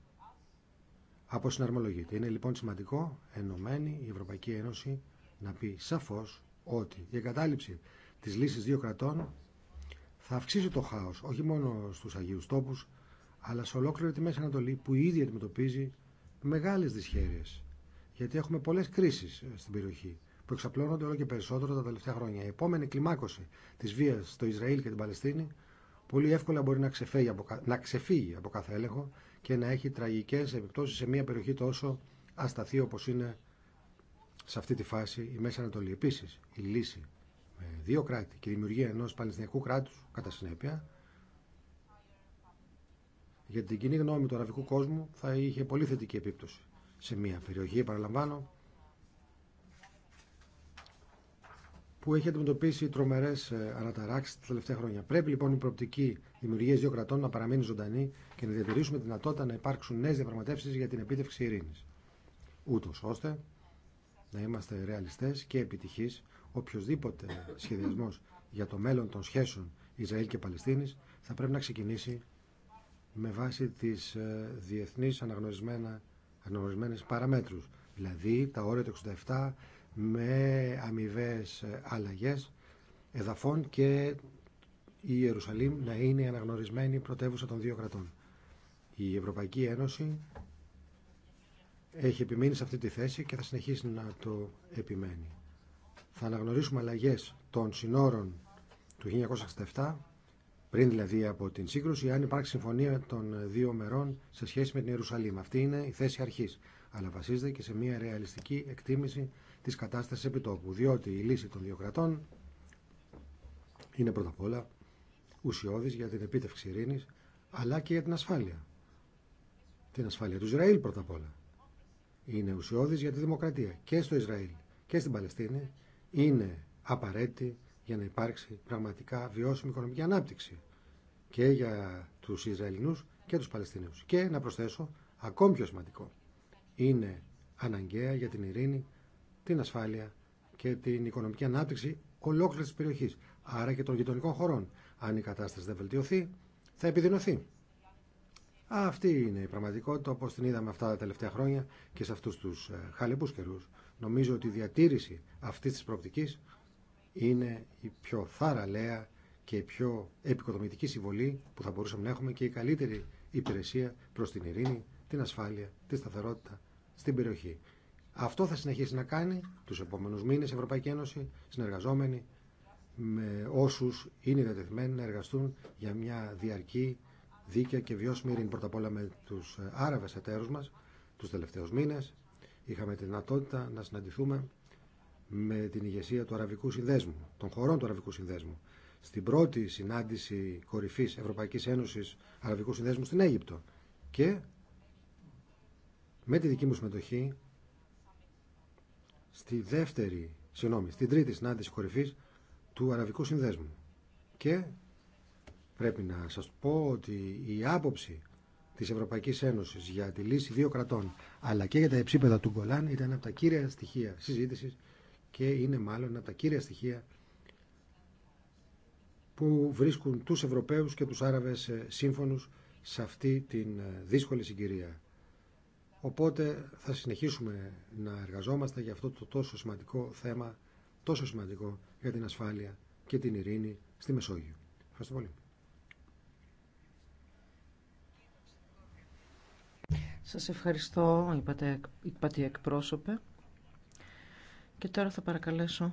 αποσυναρμολογείται. Είναι λοιπόν σημαντικό ενωμένη η Ευρωπαϊκή Ένωση να πει σαφώς ότι η εγκατάλειψη της λύσης δύο κρατών θα αυξήσει το χάος, όχι μόνο στους Αγίους Τόπους, αλλά σε ολόκληρη τη Μέση Ανατολή που ήδη αντιμετωπίζει μεγάλες δυσχέρειες γιατί έχουμε πολλέ κρίσει ε, στην περιοχή που εξαπλώνονται όλο και περισσότερο τα τελευταία χρόνια. Η επόμενη κλιμάκωση τη βία στο Ισραήλ και την Παλαιστίνη πολύ εύκολα μπορεί να ξεφύγει από, να ξεφύγει από κάθε έλεγχο και να έχει τραγικέ επιπτώσει σε μια περιοχή τόσο ασταθή όπω είναι σε αυτή τη φάση η Μέση Ανατολή. Επίση, η λύση με δύο κράτη και η δημιουργία ενό Παλαιστινιακού κράτου κατά συνέπεια για την κοινή γνώμη του αραβικού κόσμου θα είχε πολύ θετική επίπτωση σε μια περιοχή, παραλαμβάνω, που έχει αντιμετωπίσει τρομερέ ε, αναταράξει τα τελευταία χρόνια. Πρέπει λοιπόν η προοπτική δημιουργία δύο κρατών να παραμείνει ζωντανή και να διατηρήσουμε τη δυνατότητα να υπάρξουν νέε διαπραγματεύσει για την επίτευξη ειρήνη. Ούτω ώστε να είμαστε ρεαλιστέ και επιτυχεί οποιοδήποτε σχεδιασμό για το μέλλον των σχέσεων Ισραήλ και Παλαιστίνη θα πρέπει να ξεκινήσει με βάση τις ε, διεθνείς αναγνωρισμένα αναγνωρισμένες παραμέτρου, δηλαδή τα όρια του 67 με αμοιβέ αλλαγέ, εδαφών και η Ιερουσαλήμ να είναι αναγνωρισμένη πρωτεύουσα των δύο κρατών. Η Ευρωπαϊκή Ένωση έχει επιμείνει σε αυτή τη θέση και θα συνεχίσει να το επιμένει. Θα αναγνωρίσουμε αλλαγές των συνόρων του 1967 πριν δηλαδή από την σύγκρουση, αν υπάρξει συμφωνία των δύο μερών σε σχέση με την Ιερουσαλήμ. Αυτή είναι η θέση αρχή. Αλλά βασίζεται και σε μια ρεαλιστική εκτίμηση τη κατάσταση επιτόπου. Διότι η λύση των δύο κρατών είναι πρώτα απ' όλα ουσιώδη για την επίτευξη ειρήνη, αλλά και για την ασφάλεια. Την ασφάλεια του Ισραήλ πρώτα απ' όλα. Είναι ουσιώδη για τη δημοκρατία και στο Ισραήλ και στην Παλαιστίνη. Είναι απαραίτητη για να υπάρξει πραγματικά βιώσιμη οικονομική ανάπτυξη και για τους Ισραηλινούς και τους Παλαιστινίου. Και να προσθέσω, ακόμη πιο σημαντικό, είναι αναγκαία για την ειρήνη, την ασφάλεια και την οικονομική ανάπτυξη ολόκληρη τη περιοχή, άρα και των γειτονικών χωρών. Αν η κατάσταση δεν βελτιωθεί, θα επιδεινωθεί. Αυτή είναι η πραγματικότητα όπω την είδαμε αυτά τα τελευταία χρόνια και σε αυτού του ε, χαλεπού καιρού. Νομίζω ότι η διατήρηση αυτή τη προοπτική είναι η πιο θαραλέα και η πιο επικοδομητική συμβολή που θα μπορούσαμε να έχουμε και η καλύτερη υπηρεσία προς την ειρήνη, την ασφάλεια, τη σταθερότητα στην περιοχή. Αυτό θα συνεχίσει να κάνει τους επόμενους μήνες η Ευρωπαϊκή Ένωση, συνεργαζόμενοι με όσους είναι διατεθειμένοι να εργαστούν για μια διαρκή, δίκαια και βιώσιμη ειρήνη. Πρώτα απ' όλα με τους ε, Άραβες εταίρους μας, τους τελευταίους μήνες, είχαμε τη δυνατότητα να συναντηθούμε με την ηγεσία του Αραβικού Συνδέσμου, των χωρών του Αραβικού Συνδέσμου, στην πρώτη συνάντηση κορυφής Ευρωπαϊκής Ένωσης Αραβικού Συνδέσμου στην Αίγυπτο και με τη δική μου συμμετοχή στη δεύτερη, συγγνώμη, στην τρίτη συνάντηση κορυφής του Αραβικού Συνδέσμου. Και πρέπει να σας πω ότι η άποψη της Ευρωπαϊκής Ένωσης για τη λύση δύο κρατών αλλά και για τα υψίπεδα του Γκολάν ήταν από τα κύρια στοιχεία συζήτησης και είναι μάλλον από τα κύρια στοιχεία που βρίσκουν τους Ευρωπαίους και τους Άραβες ε, σύμφωνους σε αυτή την ε, δύσκολη συγκυρία. Οπότε θα συνεχίσουμε να εργαζόμαστε για αυτό το τόσο σημαντικό θέμα, τόσο σημαντικό για την ασφάλεια και την ειρήνη στη Μεσόγειο. Ευχαριστώ πολύ. Σας ευχαριστώ, είπατε, είπατε εκπρόσωπε. Και τώρα θα παρακαλέσω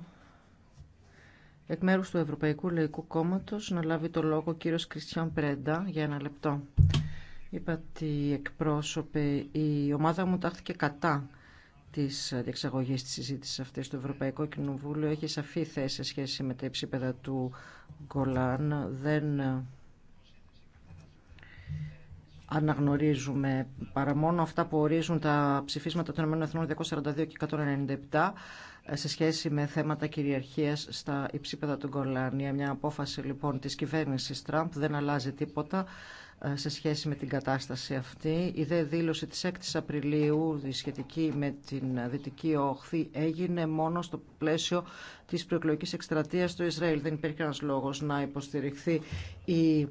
εκ μέρους του Ευρωπαϊκού Λαϊκού Κόμματος να λάβει το λόγο ο κύριος Κριστιαν Πρέντα για ένα λεπτό. Είπα ότι εκπρόσωπε η ομάδα μου τάχθηκε κατά της διεξαγωγής της συζήτησης αυτής στο Ευρωπαϊκό Κοινοβούλιο. Έχει σαφή θέση σε σχέση με τα υψίπεδα του Γκολάν. Δεν αναγνωρίζουμε παρά μόνο αυτά που ορίζουν τα ψηφίσματα των ΕΕ 242 και 197 ε, σε σχέση με θέματα κυριαρχίας στα υψίπεδα του Γκολάνια. Μια απόφαση λοιπόν της κυβέρνησης Τραμπ δεν αλλάζει τίποτα ε, σε σχέση με την κατάσταση αυτή. Η δε δήλωση της 6ης Απριλίου η σχετική με την Δυτική Όχθη έγινε μόνο στο πλαίσιο της προεκλογικής εκστρατείας του Ισραήλ. Δεν υπήρχε ένας λόγος να υποστηριχθεί η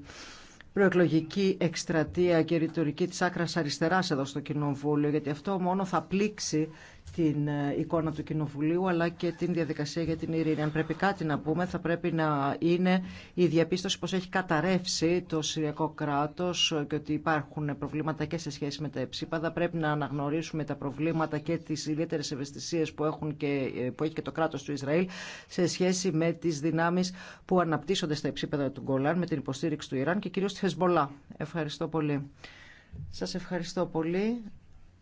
προεκλογική εκστρατεία και ρητορική της άκρας αριστεράς εδώ στο Κοινοβούλιο, γιατί αυτό μόνο θα πλήξει την ε, εικόνα του Κοινοβουλίου αλλά και την διαδικασία για την ειρήνη. Αν πρέπει κάτι να πούμε θα πρέπει να είναι η διαπίστωση πως έχει καταρρεύσει το Συριακό κράτος και ότι υπάρχουν προβλήματα και σε σχέση με τα εψίπαδα. Πρέπει να αναγνωρίσουμε τα προβλήματα και τις ιδιαίτερε ευαισθησίες που, ε, που έχει και το κράτος του Ισραήλ σε σχέση με τις δυνάμεις που αναπτύσσονται στα ψήπαδα του Γκολάν με την υποστήριξη του Ιράν και κυρίως τη Χεσμολά. Ευχαριστώ πολύ. Σας ευχαριστώ πολύ.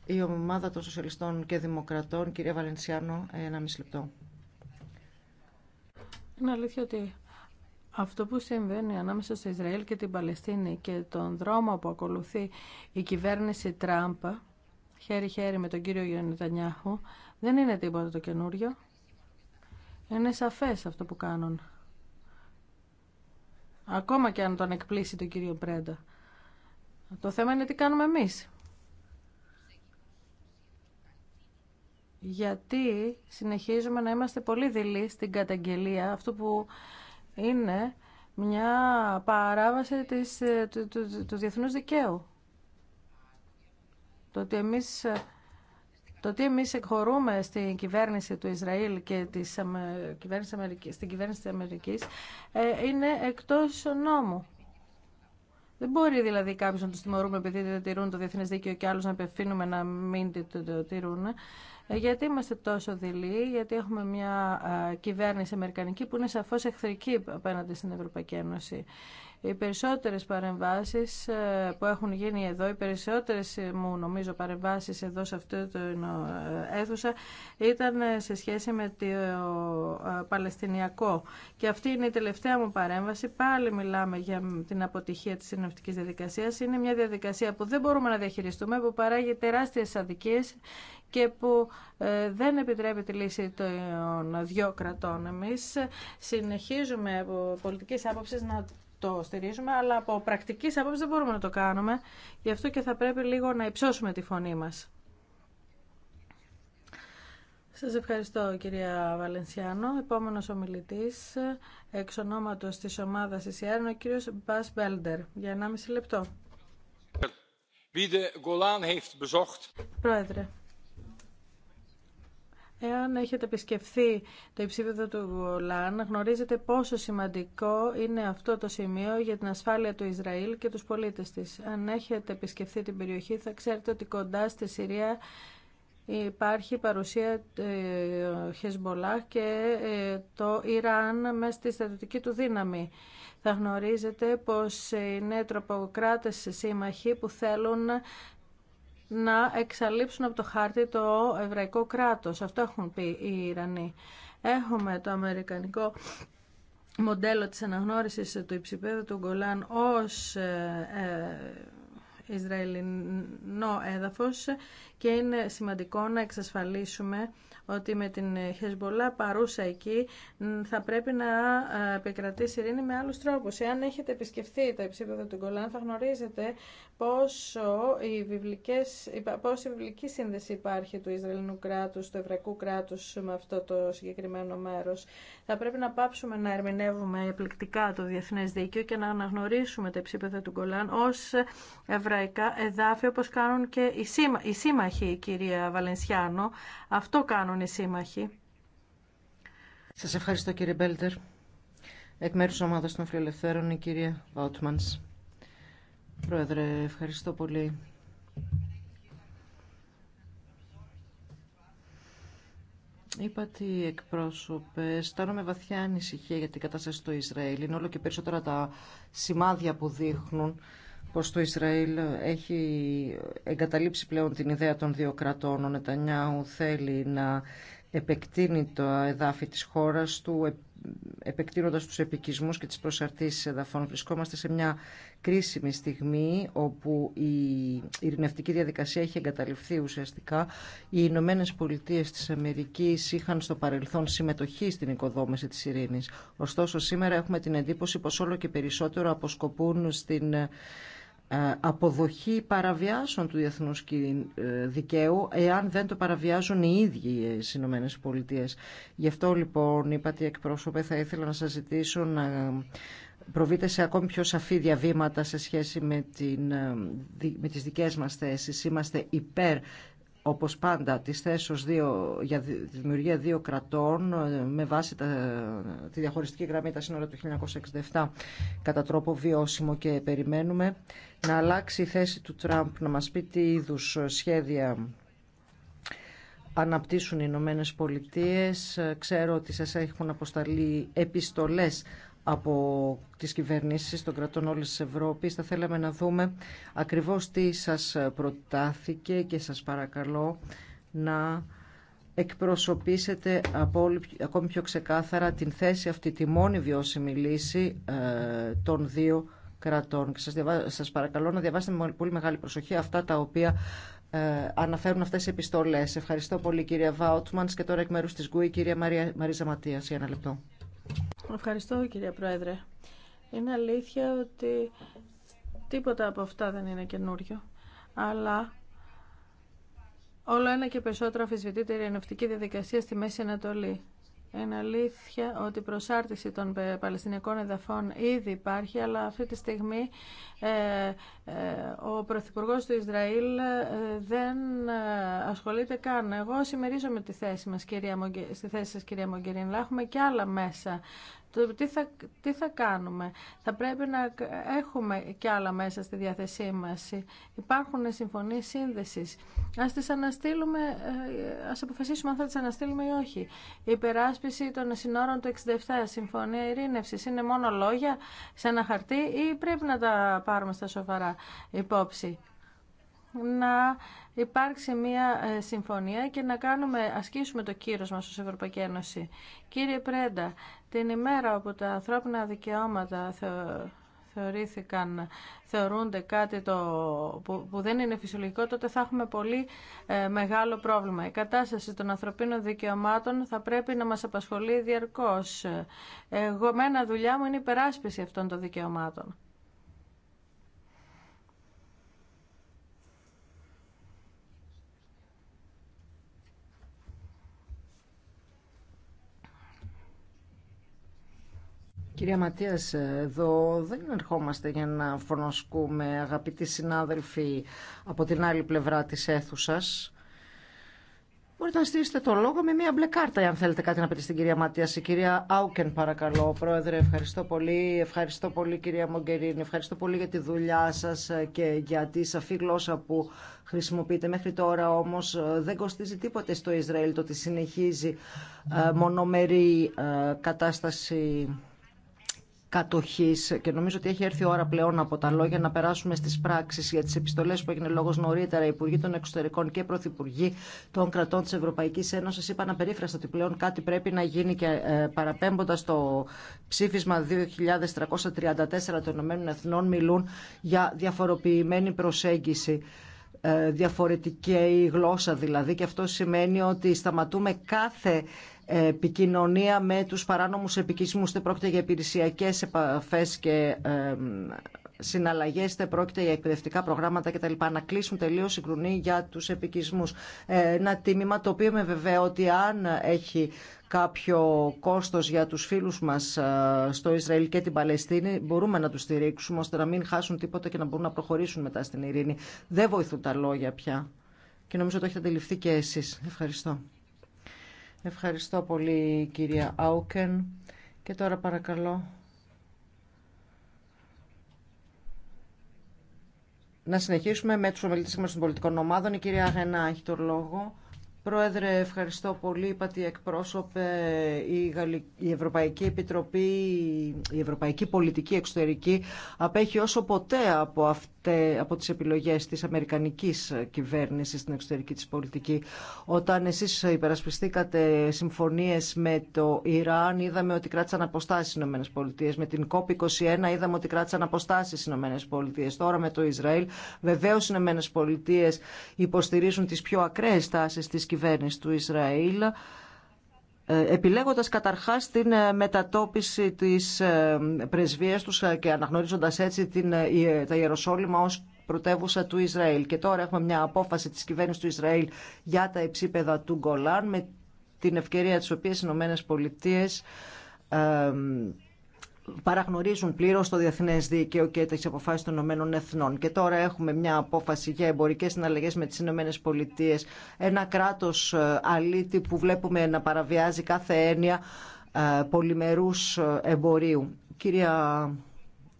Η ομάδα των Σοσιαλιστών και Δημοκρατών, κυρία Βαλενσιάνο, ένα μισή λεπτό. Είναι αλήθεια ότι αυτό που συμβαίνει ανάμεσα στο Ισραήλ και την Παλαιστίνη και τον δρόμο που ακολουθεί η κυβερνηση Τραμπ, Τράμπα, χέρι-χέρι με τον κύριο Γιονιτανιάχου, δεν είναι τίποτα το καινούριο. Είναι σαφές αυτό που κάνουν. Ακόμα και αν τον εκπλήσει τον κύριο Πρέντα. Το θέμα είναι τι κάνουμε εμείς. γιατί συνεχίζουμε να είμαστε πολύ δειλοί στην καταγγελία αυτού που είναι μια παράβαση της, του, του, διεθνούς δικαίου. Το ότι εμείς το ότι εμείς εκχωρούμε στην κυβέρνηση του Ισραήλ και της Αμερικής, στην κυβέρνηση της Αμερικής ε, είναι εκτός νόμου. Δεν μπορεί δηλαδή κάποιος να του τιμωρούμε επειδή δεν τηρούν το διεθνές δίκαιο και άλλους να απευθύνουμε να μην το τηρούν. Ε, γιατί είμαστε τόσο δειλοί, γιατί έχουμε μια ε, κυβέρνηση αμερικανική που είναι σαφώς εχθρική απέναντι στην Ευρωπαϊκή Ένωση. Οι περισσότερες παρεμβάσεις ε, που έχουν γίνει εδώ, οι περισσότερες ε, μου νομίζω παρεμβάσεις εδώ σε αυτή την ε, αίθουσα ήταν σε σχέση με το Παλαιστινιακό. Και αυτή είναι η τελευταία μου παρέμβαση. Πάλι μιλάμε για την αποτυχία της συνευτικής διαδικασίας. Είναι μια διαδικασία που δεν μπορούμε να διαχειριστούμε, που παράγει τεράστιες αδικίες και που δεν επιτρέπει τη λύση των δύο κρατών. Εμείς συνεχίζουμε από πολιτικής άποψη να το στηρίζουμε, αλλά από πρακτική απόψη δεν μπορούμε να το κάνουμε. Γι' αυτό και θα πρέπει λίγο να υψώσουμε τη φωνή μας. Σας ευχαριστώ κυρία Βαλενσιάνο. Επόμενος ομιλητής εξ ονόματος της ομάδας της είναι ο κύριος Μπάς Μπέλντερ. Για 1,5 λεπτό. Πρόεδρε, Εάν έχετε επισκεφθεί το υψίπεδο του ΛΑΝ, γνωρίζετε πόσο σημαντικό είναι αυτό το σημείο για την ασφάλεια του Ισραήλ και τους πολίτες της. Αν έχετε επισκεφθεί την περιοχή, θα ξέρετε ότι κοντά στη Συρία υπάρχει παρουσία ε, Χεσμολά και ε, το Ιράν μέσα στη στρατιωτική του δύναμη. Θα γνωρίζετε πως είναι τροποκράτες σύμμαχοι που θέλουν να εξαλείψουν από το χάρτη το εβραϊκό κράτος. Αυτό έχουν πει οι Ιρανοί. Έχουμε το αμερικανικό μοντέλο της αναγνώρισης του υψηπέδου του Γκολάν ως ε, ε, Ισραηλινό έδαφος και είναι σημαντικό να εξασφαλίσουμε ότι με την Χεσμολά παρούσα εκεί θα πρέπει να ε, επικρατήσει ειρήνη με άλλους τρόπους. Εάν έχετε επισκεφθεί τα υψίπεδα του Γκολάν θα γνωρίζετε πόσο η, βιβλικές, πόσο η βιβλική σύνδεση υπάρχει του Ισραηλινού κράτους, του Εβραϊκού κράτους με αυτό το συγκεκριμένο μέρος. Θα πρέπει να πάψουμε να ερμηνεύουμε επληκτικά το διεθνές δίκαιο και να αναγνωρίσουμε τα υψίπεδα του Γκολάν ως εβραϊκά εδάφη όπως κάνουν και οι σύμμαχοι σύμμαχοι, κυρία Βαλενσιάνο. Αυτό κάνουν οι σύμμαχοι. Σας ευχαριστώ κύριε Μπέλτερ. Εκ μέρους ομάδας των Φιλελευθέρων η κυρία Βάουτμανς. Πρόεδρε, ευχαριστώ πολύ. Είπατε εκπρόσωπε, αισθάνομαι βαθιά ανησυχία για την κατάσταση στο Ισραήλ. Είναι όλο και περισσότερα τα σημάδια που δείχνουν πως το Ισραήλ έχει εγκαταλείψει πλέον την ιδέα των δύο κρατών. Ο Νετανιάου θέλει να επεκτείνει το εδάφι της χώρας του, ε, επεκτείνοντας τους επικισμούς και τις προσαρτήσεις εδαφών. Βρισκόμαστε σε μια κρίσιμη στιγμή όπου η ειρηνευτική διαδικασία έχει εγκαταλειφθεί ουσιαστικά. Οι Ηνωμένε Πολιτείες της Αμερικής είχαν στο παρελθόν συμμετοχή στην οικοδόμηση της ειρήνης. Ωστόσο σήμερα έχουμε την εντύπωση πως όλο και περισσότερο αποσκοπούν στην ε, αποδοχή παραβιάσεων του διεθνούς ε, δικαίου εάν δεν το παραβιάζουν οι ίδιοι οι Ηνωμένε Πολιτείε. Γι' αυτό λοιπόν είπατε εκπρόσωπε θα ήθελα να σας ζητήσω να προβείτε σε ακόμη πιο σαφή διαβήματα σε σχέση με, την, ε, με τις δικές μας θέσεις. Είμαστε υπέρ όπως πάντα τις θέσεις δύο, για τη δημιουργία δύο κρατών ε, με βάση τα, τη διαχωριστική γραμμή τα σύνορα του 1967 κατά τρόπο βιώσιμο και περιμένουμε να αλλάξει η θέση του Τραμπ να μας πει τι είδου σχέδια αναπτύσσουν οι Ηνωμένε Πολιτείε. Ξέρω ότι σας έχουν αποσταλεί επιστολές από τις κυβερνήσεις των κρατών όλης της Ευρώπης. Θα θέλαμε να δούμε ακριβώς τι σας προτάθηκε και σας παρακαλώ να εκπροσωπήσετε από ακόμη πιο ξεκάθαρα την θέση αυτή, τη μόνη βιώσιμη λύση ε, των δύο κρατών. Και σας, σας παρακαλώ να διαβάσετε με πολύ μεγάλη προσοχή αυτά τα οποία ε, αναφέρουν αυτές οι επιστολές. Ευχαριστώ πολύ κυρία Βάουτμαντς και τώρα εκ μέρους της ΓΚΟΥ η κυρία Μαρία... Μαρίζα Ματίας για ένα λεπτό. Ευχαριστώ κυρία Πρόεδρε. Είναι αλήθεια ότι τίποτα από αυτά δεν είναι καινούριο, αλλά όλο ένα και περισσότερο αφισβητείται η διαδικασία στη Μέση Ανατολή. Είναι αλήθεια ότι η προσάρτηση των Παλαιστινιακών εδαφών ήδη υπάρχει, αλλά αυτή τη στιγμή ε, ο Πρωθυπουργό του Ισραήλ ε, δεν ε, ασχολείται καν. Εγώ συμμερίζομαι τη θέση μας, κυρία Μογκε... στη θέση σας, κυρία Μογκερίνη, αλλά έχουμε και άλλα μέσα. τι, θα, τι θα κάνουμε. Θα πρέπει να έχουμε και άλλα μέσα στη διάθεσή μας. Υπάρχουν συμφωνίες σύνδεσης. Ας τις αναστείλουμε, ε, ας αποφασίσουμε αν θα τις αναστείλουμε ή όχι. Η υπεράσπιση των συνόρων του 67, συμφωνία ειρήνευσης, είναι μόνο λόγια σε ένα χαρτί ή πρέπει να τα πάρουμε στα σοβαρά υπόψη να υπάρξει μια ε, συμφωνία και να κάνουμε, ασκήσουμε το κύρος μας ως Ευρωπαϊκή Ένωση. Κύριε Πρέντα, την ημέρα όπου τα ανθρώπινα δικαιώματα θεωρήθηκαν, θεωρούνται κάτι το, που, δεν είναι φυσιολογικό, τότε θα έχουμε πολύ ε, μεγάλο πρόβλημα. Η κατάσταση των ανθρωπίνων δικαιωμάτων θα πρέπει να μας απασχολεί διαρκώς. Εγώ, μένα δουλειά μου είναι η περάσπιση αυτών των δικαιωμάτων. Κυρία Ματίας, εδώ δεν ερχόμαστε για να φωνοσκούμε αγαπητοί συνάδελφοι από την άλλη πλευρά της αίθουσας. Μπορείτε να στήσετε το λόγο με μία μπλε κάρτα, αν θέλετε κάτι να πείτε στην κυρία Ματία. Η κυρία Άουκεν, παρακαλώ, πρόεδρε, ευχαριστώ πολύ. Ευχαριστώ πολύ, κυρία Μογκερίνη. Ευχαριστώ πολύ για τη δουλειά σα και για τη σαφή γλώσσα που χρησιμοποιείτε. Μέχρι τώρα όμω δεν κοστίζει τίποτε στο Ισραήλ το ότι συνεχίζει ε, μονομερή ε, κατάσταση κατοχής και νομίζω ότι έχει έρθει η ώρα πλέον από τα λόγια να περάσουμε στις πράξεις για τις επιστολές που έγινε λόγος νωρίτερα. Οι Υπουργοί των Εξωτερικών και Πρωθυπουργοί των κρατών της Ευρωπαϊκής Ένωσης είπαν απερίφραστα ότι πλέον κάτι πρέπει να γίνει και ε, παραπέμποντας το ψήφισμα 2334 των Ηνωμένων Εθνών μιλούν για διαφοροποιημένη προσέγγιση ε, διαφορετική γλώσσα δηλαδή και αυτό σημαίνει ότι σταματούμε κάθε επικοινωνία με τους παράνομους επικισμούς, δεν πρόκειται για υπηρεσιακές επαφές και συναλλαγέ, δεν πρόκειται για εκπαιδευτικά προγράμματα κτλ. Να κλείσουν τελείω οι για του επικισμού. Ε, ένα τίμημα το οποίο με βεβαίω ότι αν έχει κάποιο κόστο για τους φίλους μας ε, στο Ισραήλ και την Παλαιστίνη μπορούμε να του στηρίξουμε ώστε να μην χάσουν τίποτα και να μπορούν να προχωρήσουν μετά στην ειρήνη. Δεν βοηθούν τα λόγια πια και νομίζω το έχετε αντιληφθεί και εσεί. Ευχαριστώ. Ευχαριστώ πολύ κυρία Άουκεν. Και τώρα παρακαλώ να συνεχίσουμε με τους ομιλητές μας των πολιτικών ομάδων. Η κυρία Αγενά έχει τον λόγο. Πρόεδρε, ευχαριστώ πολύ. Είπατε εκπρόσωπε, η, Ευρωπαϊκή Επιτροπή, η Ευρωπαϊκή Πολιτική Εξωτερική απέχει όσο ποτέ από αυτή από τις επιλογές της Αμερικανικής κυβέρνησης στην εξωτερική της πολιτική. Όταν εσείς υπερασπιστήκατε συμφωνίες με το Ιράν, είδαμε ότι κράτησαν αποστάσεις οι Πολιτείες. Με την COP21 είδαμε ότι κράτησαν αποστάσεις οι Πολιτείες. Τώρα με το Ισραήλ, βεβαίως οι Πολιτείες υποστηρίζουν τις πιο ακραίες τάσεις της κυβέρνησης του Ισραήλ ε, επιλέγοντας καταρχάς την ε, μετατόπιση της ε, πρεσβείας τους και αναγνωρίζοντας έτσι την, τα Ιεροσόλυμα ως πρωτεύουσα του Ισραήλ. Και τώρα έχουμε μια απόφαση της κυβέρνησης του Ισραήλ για τα υψίπεδα του Γκολάν με την ευκαιρία της οποίας οι Ηνωμένες Πολιτείες παραγνωρίζουν πλήρω το διεθνέ δίκαιο και τι αποφάσει των Ηνωμένων Εθνών. Και τώρα έχουμε μια απόφαση για εμπορικέ συναλλαγέ με τι Ηνωμένε Πολιτείε. Ένα κράτο ε, αλήτη που βλέπουμε να παραβιάζει κάθε έννοια ε, πολυμερούς ε, εμπορίου. Κυρία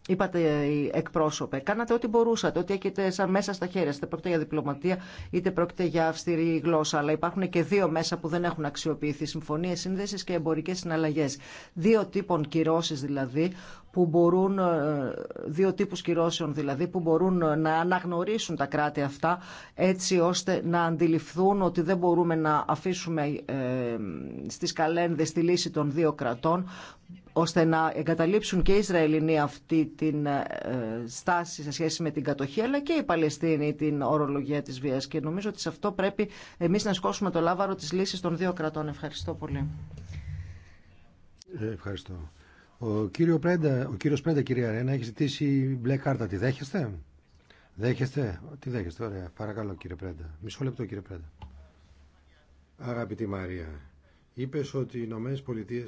Είπατε ε, οι εκπρόσωπε, κάνατε ό,τι μπορούσατε, ό,τι έχετε σαν μέσα στα χέρια. Είτε πρόκειται για διπλωματία, είτε πρόκειται για αυστηρή γλώσσα. Αλλά υπάρχουν και δύο μέσα που δεν έχουν αξιοποιηθεί. Συμφωνίε σύνδεση και εμπορικέ συναλλαγές Δύο τύπων κυρώσει δηλαδή, που μπορούν, ε, δύο τύπους κυρώσεων δηλαδή, που μπορούν ε, να αναγνωρίσουν τα κράτη αυτά έτσι ώστε να αντιληφθούν ότι δεν μπορούμε να αφήσουμε ε, στις καλένδες τη λύση των δύο κρατών ώστε να εγκαταλείψουν και οι Ισραηλινοί αυτή την στάση σε σχέση με την κατοχή αλλά και οι Παλαιστίνοι την ορολογία της βίας και νομίζω ότι σε αυτό πρέπει εμείς να σκόσουμε το λάβαρο της λύσης των δύο κρατών. Ευχαριστώ πολύ. ευχαριστώ. Ο, κύριο Πρέντα, ο κύριος Πρέντα, κυρία Αρένα, έχει ζητήσει μπλε κάρτα. Τη δέχεστε? Δέχεστε? Τι δέχεστε, ωραία. Παρακαλώ, κύριε Πρέντα. Μισό λεπτό, κύριε Πρέντα. Αγαπητή Μαρία, είπες ότι οι Ηνωμένε Πολιτείε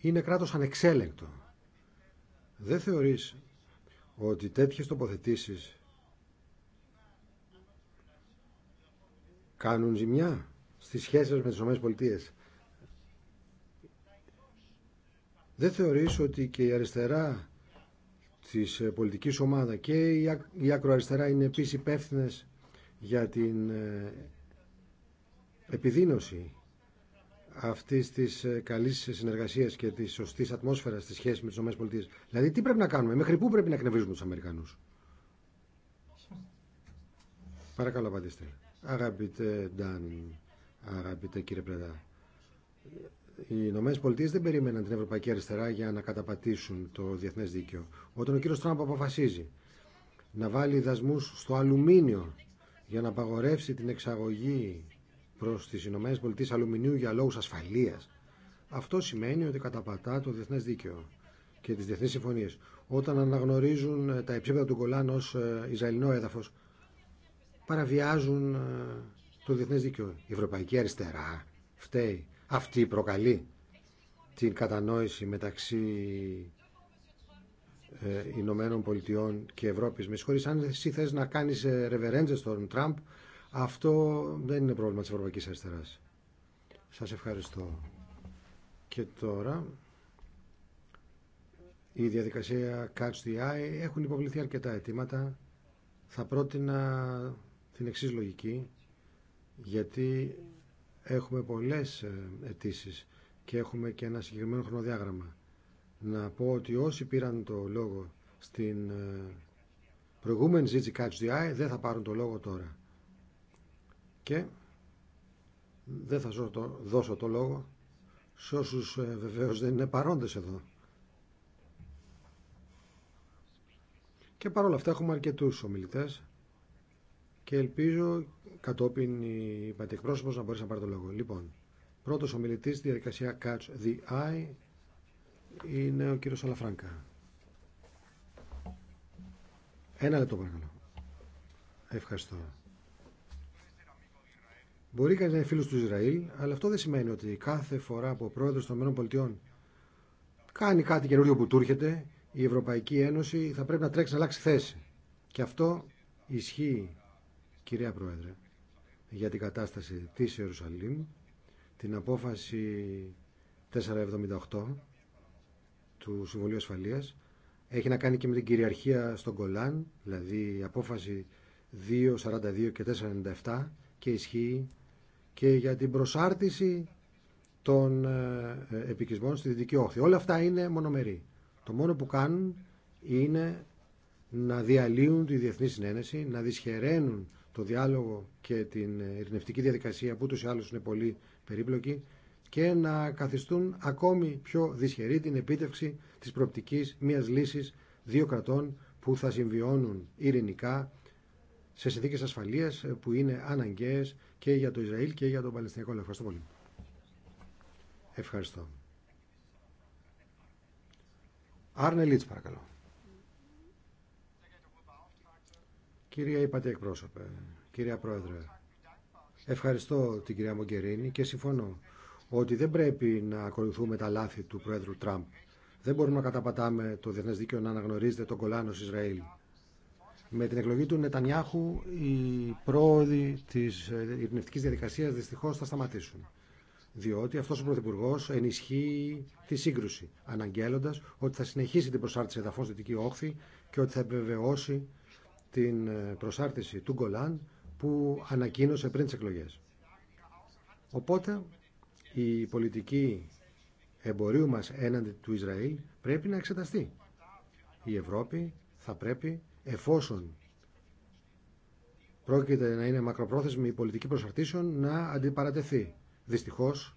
είναι κράτος ανεξέλεγκτο. Δεν θεωρείς ότι τέτοιες τοποθετήσεις κάνουν ζημιά στις σχέσεις με τις Ηνωμένε Πολιτείες. δεν θεωρείς ότι και η αριστερά της ε, πολιτικής ομάδα και η ακροαριστερά είναι επίσης υπεύθυνε για την ε, επιδίνωση αυτής της ε, καλή συνεργασία και της σωστή ατμόσφαιρας στη σχέση με τις ΗΠΑ. Δηλαδή τι πρέπει να κάνουμε, μέχρι πού πρέπει να εκνευρίζουμε τους Αμερικανούς. Παρακαλώ απαντήστε. Αγαπητέ Ντάν, αγαπητέ κύριε Πρέδα, οι Ηνωμένε Πολιτείε δεν περίμεναν την Ευρωπαϊκή Αριστερά για να καταπατήσουν το διεθνέ δίκαιο. Όταν ο κύριο Τραμπ αποφασίζει να βάλει δασμού στο αλουμίνιο για να απαγορεύσει την εξαγωγή προ τι Ηνωμένε Πολιτείε αλουμινίου για λόγου ασφαλεία, αυτό σημαίνει ότι καταπατά το διεθνέ δίκαιο και τι διεθνεί συμφωνίε. Όταν αναγνωρίζουν ε, τα υψίπεδα του Γκολάν ω ε, Ισραηλινό έδαφο, παραβιάζουν ε, το διεθνέ δίκαιο. Η Ευρωπαϊκή Αριστερά φταίει αυτή προκαλεί την κατανόηση μεταξύ ε, Ηνωμένων Πολιτειών και Ευρώπης. Με συγχωρείς, αν εσύ θες να κάνεις ρεβερέντζες στον Τραμπ, αυτό δεν είναι πρόβλημα της Ευρωπαϊκής Αριστεράς. Σας ευχαριστώ. Και τώρα η διαδικασία Catch the Eye έχουν υποβληθεί αρκετά αιτήματα. Θα πρότεινα την εξή λογική, γιατί Έχουμε πολλές ε, αιτήσει και έχουμε και ένα συγκεκριμένο χρονοδιάγραμμα. Να πω ότι όσοι πήραν το λόγο στην ε, προηγούμενη ζήτηση Catch δεν θα πάρουν το λόγο τώρα. Και δεν θα δώσω το λόγο σε όσους ε, βεβαίως δεν είναι παρόντες εδώ. Και παρόλα αυτά έχουμε αρκετούς ομιλητές και ελπίζω κατόπιν η πατεκπρόσωπος να μπορέσει να πάρει το λόγο. Λοιπόν, πρώτος ομιλητής στη διαδικασία Catch the Eye είναι ο κύριος Αλαφράνκα. Ένα λεπτό παρακαλώ. Ευχαριστώ. Μπορεί κανεί να είναι φίλος του Ισραήλ, αλλά αυτό δεν σημαίνει ότι κάθε φορά που ο πρόεδρο των ΗΠΑ κάνει κάτι καινούριο που του έρχεται, η Ευρωπαϊκή Ένωση θα πρέπει να τρέξει να αλλάξει θέση. Και αυτό ισχύει κυρία Πρόεδρε, για την κατάσταση της Ιερουσαλήμ, την απόφαση 478 του Συμβουλίου Ασφαλείας, έχει να κάνει και με την κυριαρχία στον Κολάν, δηλαδή η απόφαση 2.42 και 4.97 και ισχύει και για την προσάρτηση των ε, επικισμών στη Δυτική Όχθη. Όλα αυτά είναι μονομερή. Το μόνο που κάνουν είναι να διαλύουν τη Διεθνή Συνένεση, να δυσχεραίνουν το διάλογο και την ειρηνευτική διαδικασία που τους ή είναι πολύ περίπλοκη και να καθιστούν ακόμη πιο δυσχερή την επίτευξη της προοπτικής μιας λύσης δύο κρατών που θα συμβιώνουν ειρηνικά σε συνθήκε ασφαλεία που είναι αναγκαίε και για το Ισραήλ και για τον Παλαιστινιακό λαό. Ευχαριστώ πολύ. Ευχαριστώ. Άρνε παρακαλώ. Κυρία Υπατή Εκπρόσωπε, κυρία Πρόεδρε, ευχαριστώ την κυρία Μογκερίνη και συμφωνώ ότι δεν πρέπει να ακολουθούμε τα λάθη του Πρόεδρου Τραμπ. Δεν μπορούμε να καταπατάμε το διεθνές δίκαιο να αναγνωρίζεται τον κολάνο Ισραήλ. Με την εκλογή του Νετανιάχου, οι πρόοδοι τη ειρηνευτική διαδικασία δυστυχώ θα σταματήσουν. Διότι αυτό ο Πρωθυπουργό ενισχύει τη σύγκρουση, αναγγέλλοντα ότι θα συνεχίσει την προσάρτηση εδαφών στη Δυτική Όχθη και ότι θα επιβεβαιώσει την ε, προσάρτηση του Γκολάν που ανακοίνωσε πριν τις εκλογές. Οπότε η πολιτική εμπορίου μας έναντι του Ισραήλ πρέπει να εξεταστεί. Η Ευρώπη θα πρέπει εφόσον πρόκειται να είναι μακροπρόθεσμη η πολιτική προσαρτήσεων να αντιπαρατεθεί. Δυστυχώς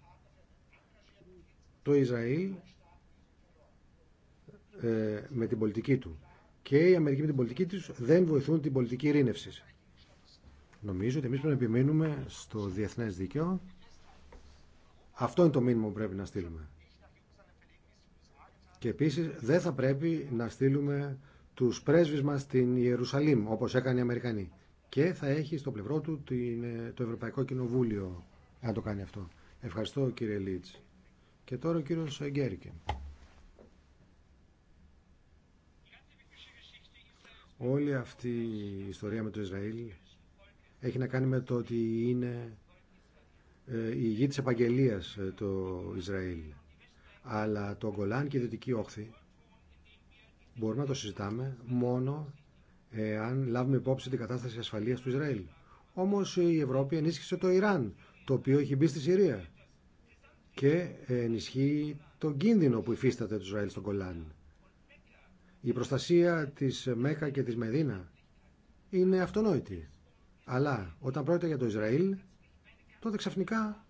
το Ισραήλ ε, με την πολιτική του και η Αμερική με την πολιτική τους δεν βοηθούν την πολιτική ειρήνευση. Νομίζω ότι εμείς πρέπει να επιμείνουμε στο διεθνές δίκαιο. Αυτό είναι το μήνυμα που πρέπει να στείλουμε. Και επίση δεν θα πρέπει να στείλουμε τους πρέσβεις μας στην Ιερουσαλήμ, όπως έκανε οι Αμερικανοί. Και θα έχει στο πλευρό του το Ευρωπαϊκό Κοινοβούλιο, να το κάνει αυτό. Ευχαριστώ κύριε Λίτς. Και τώρα ο κύριος Γκέρικεν. Όλη αυτή η ιστορία με το Ισραήλ έχει να κάνει με το ότι είναι ε, η γη της επαγγελίας ε, το Ισραήλ. Αλλά το Γκολάν και η Δυτική Όχθη μπορούμε να το συζητάμε μόνο αν λάβουμε υπόψη την κατάσταση ασφαλείας του Ισραήλ. Όμως η Ευρώπη ενίσχυσε το Ιράν, το οποίο έχει μπει στη Συρία και ενισχύει τον κίνδυνο που υφίσταται του Ισραήλ στον Κολάν. Η προστασία της Μέκα και της Μεδίνα είναι αυτονόητη. Αλλά όταν πρόκειται για το Ισραήλ, τότε ξαφνικά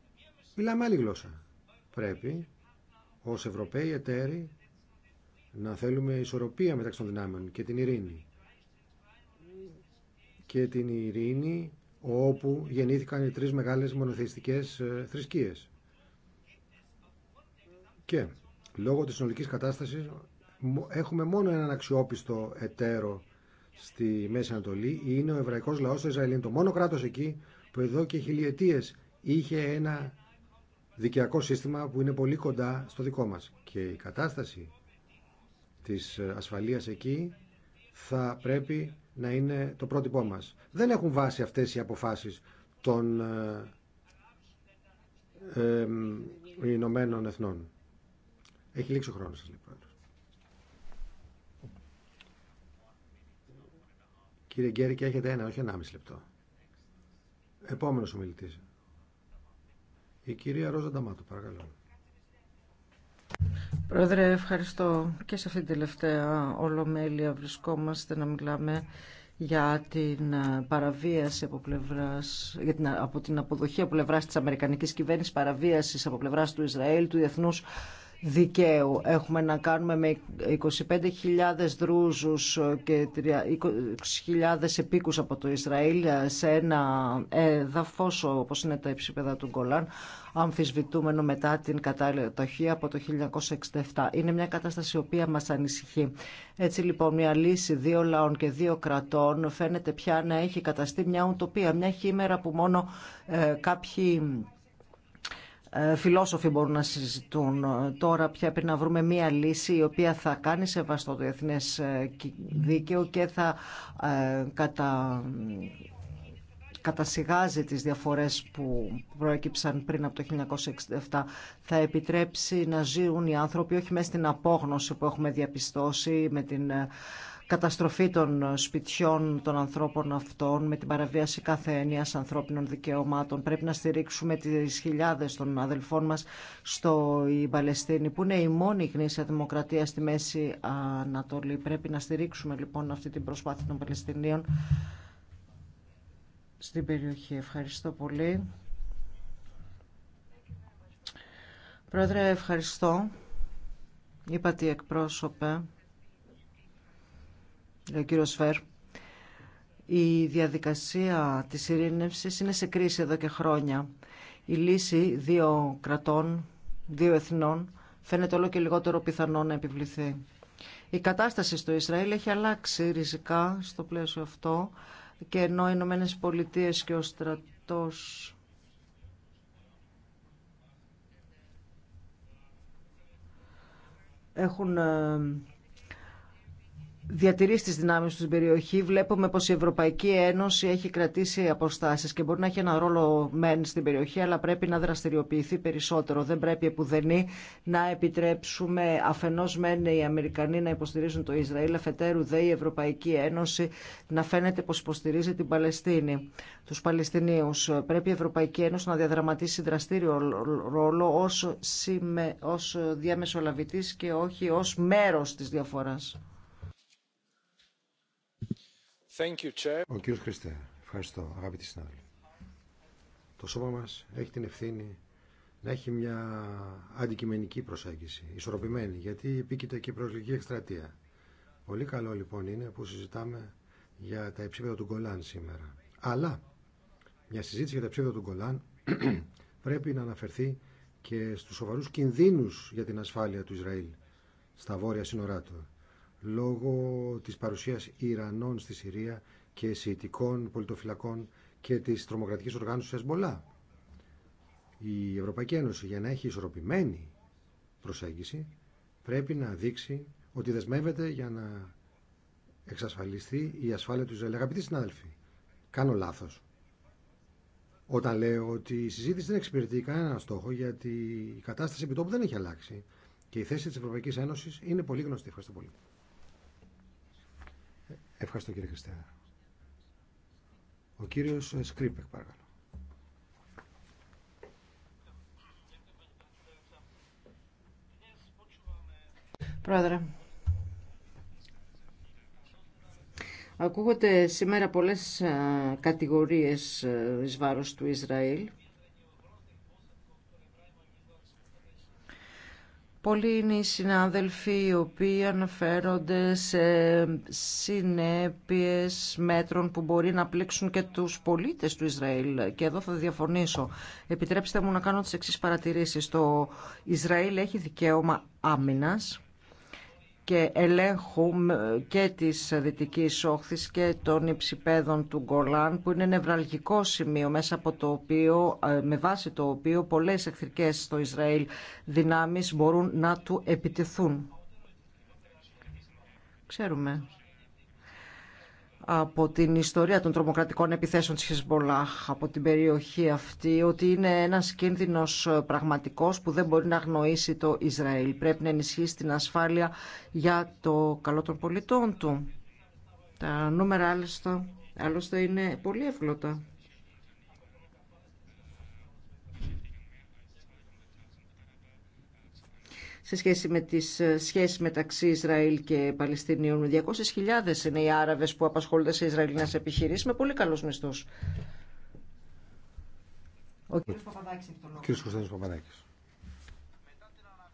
μιλάμε άλλη γλώσσα. Πρέπει ως Ευρωπαίοι εταίροι να θέλουμε ισορροπία μεταξύ των δυνάμεων και την ειρήνη. Και την ειρήνη όπου γεννήθηκαν οι τρεις μεγάλες μονοθεϊστικές ε, θρησκείες. Και λόγω της συνολικής κατάστασης έχουμε μόνο έναν αξιόπιστο εταίρο στη Μέση Ανατολή είναι ο εβραϊκό λαός του Ισραήλ. Είναι το μόνο κράτο εκεί που εδώ και χιλιετίε είχε ένα δικαιακό σύστημα που είναι πολύ κοντά στο δικό μας. Και η κατάσταση της ασφαλείας εκεί θα πρέπει να είναι το πρότυπό μας. Δεν έχουν βάση αυτές οι αποφάσεις των ε, ε Ηνωμένων Εθνών. Έχει λήξει ο χρόνος σας λοιπόν. Κύριε Γκέρικ, έχετε ένα, όχι ένα μισή λεπτό. Επόμενος ομιλητής. Η κυρία Ρόζα Νταμάτου, παρακαλώ. Πρόεδρε, ευχαριστώ. Και σε αυτή την τελευταία ολομέλεια βρισκόμαστε να μιλάμε για την ε, παραβίαση από πλευράς, για την, από την αποδοχή από πλευράς της Αμερικανικής κυβέρνησης, παραβίασης από πλευρά του Ισραήλ, του διεθνούς δικαίου. Έχουμε να κάνουμε με 25.000 δρούζους και 20.000 επίκους από το Ισραήλ σε ένα εδαφός όπως είναι τα υψηπέδα του Γκολάν αμφισβητούμενο μετά την κατάλληλη από το 1967. Είναι μια κατάσταση η οποία μας ανησυχεί. Έτσι λοιπόν μια λύση δύο λαών και δύο κρατών φαίνεται πια να έχει καταστεί μια ουτοπία, μια χήμερα που μόνο ε, κάποιοι ε, φιλόσοφοι μπορούν να συζητούν. Ε, τώρα πια πρέπει να βρούμε μία λύση η οποία θα κάνει σεβαστό το διεθνές ε, δίκαιο και θα κατα κατασυγάζει τις διαφορές που προέκυψαν πριν από το 1967, θα επιτρέψει να ζουν οι άνθρωποι όχι μέσα στην απόγνωση που έχουμε διαπιστώσει με την καταστροφή των σπιτιών των ανθρώπων αυτών, με την παραβίαση κάθε έννοιας ανθρώπινων δικαιωμάτων. Πρέπει να στηρίξουμε τις χιλιάδες των αδελφών μας στο η Παλαιστίνη, που είναι η μόνη γνήσια δημοκρατία στη Μέση Ανατολή. Πρέπει να στηρίξουμε λοιπόν αυτή την προσπάθεια των Παλαιστινίων στην περιοχή. Ευχαριστώ πολύ. Πρόεδρε, ευχαριστώ. Είπατε εκπρόσωπε λέει ο Η διαδικασία της ειρήνευσης είναι σε κρίση εδώ και χρόνια. Η λύση δύο κρατών, δύο εθνών, φαίνεται όλο και λιγότερο πιθανό να επιβληθεί. Η κατάσταση στο Ισραήλ έχει αλλάξει ριζικά στο πλαίσιο αυτό και ενώ οι Ηνωμένε Πολιτείε και ο στρατός έχουν ε, Διατηρεί τι δυνάμει του στην περιοχή, βλέπουμε πω η Ευρωπαϊκή Ένωση έχει κρατήσει αποστάσει και μπορεί να έχει ένα ρόλο μεν στην περιοχή, αλλά πρέπει να δραστηριοποιηθεί περισσότερο. Δεν πρέπει επουδενή να επιτρέψουμε αφενό μεν οι Αμερικανοί να υποστηρίζουν το Ισραήλ, αφετέρου δε η Ευρωπαϊκή Ένωση να φαίνεται πω υποστηρίζει την Παλαιστίνη, του Παλαιστινίου. Πρέπει η Ευρωπαϊκή Ένωση να διαδραματίσει δραστήριο ρόλο ω διαμεσολαβητή και όχι ω μέρο τη διαφορά. Ο κύριος Χριστέ, ευχαριστώ αγαπητοί συνάδελφοι. Το σώμα μας έχει την ευθύνη να έχει μια αντικειμενική προσέγγιση, ισορροπημένη, γιατί επίκειται και η προσλογική εκστρατεία. Πολύ καλό λοιπόν είναι που συζητάμε για τα υψίπεδα του Γκολάν σήμερα. Αλλά μια συζήτηση για τα υψίπεδα του Γκολάν [CLEARS THROAT] πρέπει να αναφερθεί και στους σοβαρούς κινδύνους για την ασφάλεια του Ισραήλ στα βόρεια σύνορά του λόγω της παρουσίας Ιρανών στη Συρία και σιητικών πολιτοφυλακών και της τρομοκρατικής οργάνωσης Εσμπολά. Η Ευρωπαϊκή Ένωση για να έχει ισορροπημένη προσέγγιση πρέπει να δείξει ότι δεσμεύεται για να εξασφαλιστεί η ασφάλεια του Ισραήλ. Αγαπητοί συνάδελφοι, κάνω λάθος. Όταν λέω ότι η συζήτηση δεν εξυπηρετεί κανέναν στόχο γιατί η κατάσταση επιτόπου δεν έχει αλλάξει και η θέση της Ευρωπαϊκής Ένωσης είναι πολύ γνωστή. Ευχαριστώ πολύ. Ευχαριστώ κύριε Χριστέα. Ο κύριος ε, Σκρίπεκ παρακαλώ. Πρόεδρε, ακούγονται σήμερα πολλές ε, κατηγορίες ε, εις του Ισραήλ Πολλοί είναι οι συνάδελφοι οι οποίοι αναφέρονται σε συνέπειες μέτρων που μπορεί να πλήξουν και τους πολίτες του Ισραήλ. Και εδώ θα διαφωνήσω. Επιτρέψτε μου να κάνω τις εξής παρατηρήσεις. Το Ισραήλ έχει δικαίωμα άμυνας και ελέγχου και της δυτική Όχθης και των υψηπέδων του Γκολάν που είναι νευραλγικό σημείο μέσα από το οποίο, ε, με βάση το οποίο πολλές εχθρικές στο Ισραήλ δυνάμεις μπορούν να του επιτεθούν. Ξέρουμε από την ιστορία των τρομοκρατικών επιθέσεων της Χεσμολάχ από την περιοχή αυτή ότι είναι ένας κίνδυνος πραγματικός που δεν μπορεί να αγνοήσει το Ισραήλ. Πρέπει να ενισχύσει την ασφάλεια για το καλό των πολιτών του. Τα νούμερα άλλωστε είναι πολύ εύγλωτα. σε σχέση με τις ε, σχέσεις μεταξύ Ισραήλ και Παλαιστινίων. 200.000 είναι οι Άραβες που απασχολούνται σε Ισραηλινές επιχειρήσεις με πολύ καλούς μισθούς. Ο κ. Παπαδάκης έχει το λόγο. Παπαδάκης.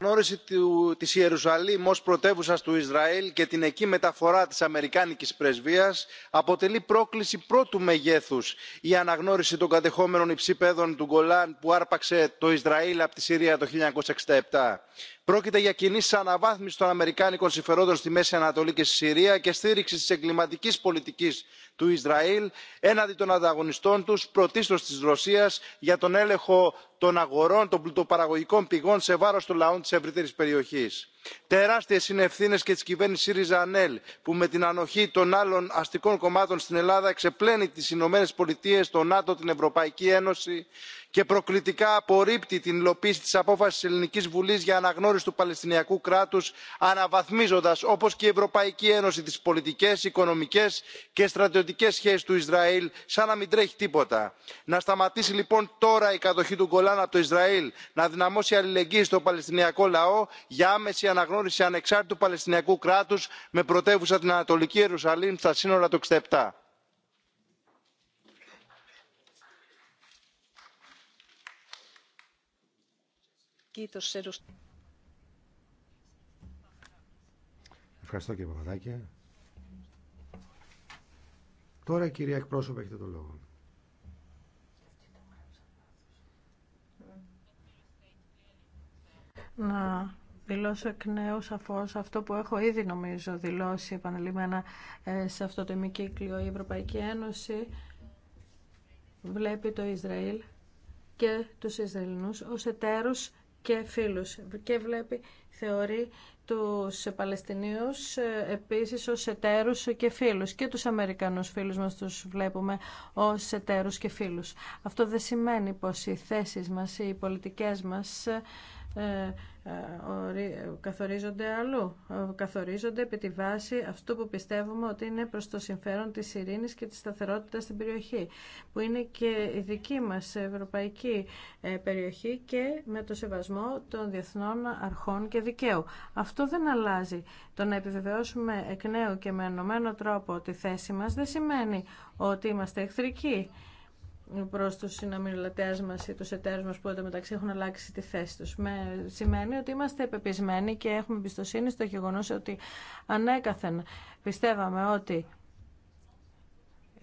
Γνώριση του, της Ιερουσαλήμ ως πρωτεύουσα του Ισραήλ και την εκεί μεταφορά της Αμερικάνικης πρεσβείας αποτελεί πρόκληση πρώτου μεγέθους η αναγνώριση των κατεχόμενων υψήπεδων του Γκολάν που άρπαξε το Ισραήλ από τη Συρία το 1967 πρόκειται για κινήσει αναβάθμιση των αμερικάνικων συμφερόντων στη μέση ανατολή και στη συρία και στήριξη τη εγκληματική πολιτική του ισραήλ έναντι των ανταγωνιστών του πρωτίστω τη ρωσία για τον έλεγχο των αγορών των πλουτοπαραγωγικών πηγών σε βάρο των λαών τη ευρύτερη περιοχή τεράστιες είναι ευθύνες και της κυβέρνησης ΣΥΡΙΖΑ ΑΝΕΛ που με την ανοχή των άλλων αστικών κομμάτων στην Ελλάδα εξεπλένει τις Ηνωμένες Πολιτείες, το ΝΑΤΟ, την Ευρωπαϊκή Ένωση και προκλητικά απορρίπτει την υλοποίηση της απόφασης της Ελληνικής Βουλής για αναγνώριση του Παλαιστινιακού κράτους αναβαθμίζοντας όπως και η Ευρωπαϊκή Ένωση τις πολιτικές, οικονομικές και στρατιωτικές σχέσεις του Ισραήλ σαν να μην τρέχει τίποτα. Να σταματήσει λοιπόν τώρα η κατοχή του Γκολάν από το Ισραήλ, να δυναμώσει αλληλεγγύη στο Παλαιστινιακό λαό για άμεση η αναγνώριση ανεξάρτητου παλαιστινιακού κράτους με πρωτεύουσα την ανατολική ιερουσαλήμ στα σύνορα του 67. Ευχαριστώ κύριε Παπαδάκη. Τώρα κυρία εκπρόσωπε έχετε το λόγο. Να δηλώσω εκ νέου σαφώς αυτό που έχω ήδη νομίζω δηλώσει επανελειμμένα ε, σε αυτό το ημικύκλιο. Η Ευρωπαϊκή Ένωση βλέπει το Ισραήλ και τους Ισραηλινούς ως εταίρους και φίλους και βλέπει, θεωρεί τους Παλαιστινίους ε, επίσης ως εταίρους και φίλους και τους Αμερικανούς φίλους μας τους βλέπουμε ως εταίρους και φίλους. Αυτό δεν σημαίνει πως οι θέσεις μας, οι πολιτικές μας ε, ε, καθορίζονται αλλού. Ε, καθορίζονται επί τη βάση αυτού που πιστεύουμε ότι είναι προς το συμφέρον της ειρήνης και της σταθερότητας στην περιοχή, που είναι και η δική μας ευρωπαϊκή περιοχή και με το σεβασμό των διεθνών αρχών και δικαίου. Αυτό δεν αλλάζει. Το να επιβεβαιώσουμε εκ νέου και με ενωμένο τρόπο τη θέση μας δεν σημαίνει ότι είμαστε εχθρικοί προς τους συνομιλωτές μας ή τους εταίρους μας που εντωμεταξύ έχουν αλλάξει τη θέση τους. Με, σημαίνει ότι είμαστε επεπισμένοι και έχουμε εμπιστοσύνη στο γεγονός ότι ανέκαθεν πιστεύαμε ότι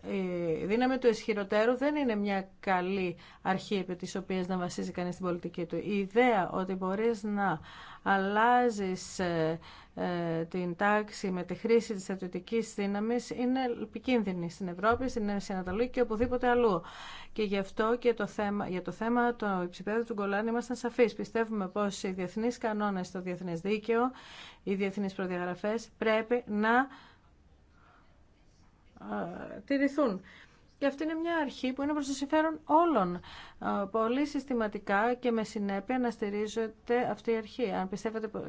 η δύναμη του ισχυροτέρου δεν είναι μια καλή αρχή επί της οποίας να βασίζει κανείς την πολιτική του. Η ιδέα ότι μπορείς να αλλάζεις ε, ε, την τάξη με τη χρήση της στρατιωτικής δύναμης είναι επικίνδυνη στην Ευρώπη, στην Ένωση Ανατολή και οπουδήποτε αλλού. Και γι' αυτό και το θέμα, για το θέμα το υψηπέδου του Γκολάν ήμασταν σαφείς. Πιστεύουμε πως οι διεθνείς κανόνες το διεθνές δίκαιο, οι διεθνείς προδιαγραφές πρέπει να τηρηθούν. Και αυτή είναι μια αρχή που είναι προς το συμφέρον όλων. Πολύ συστηματικά και με συνέπεια να στηρίζεται αυτή η αρχή. Αν πιστεύετε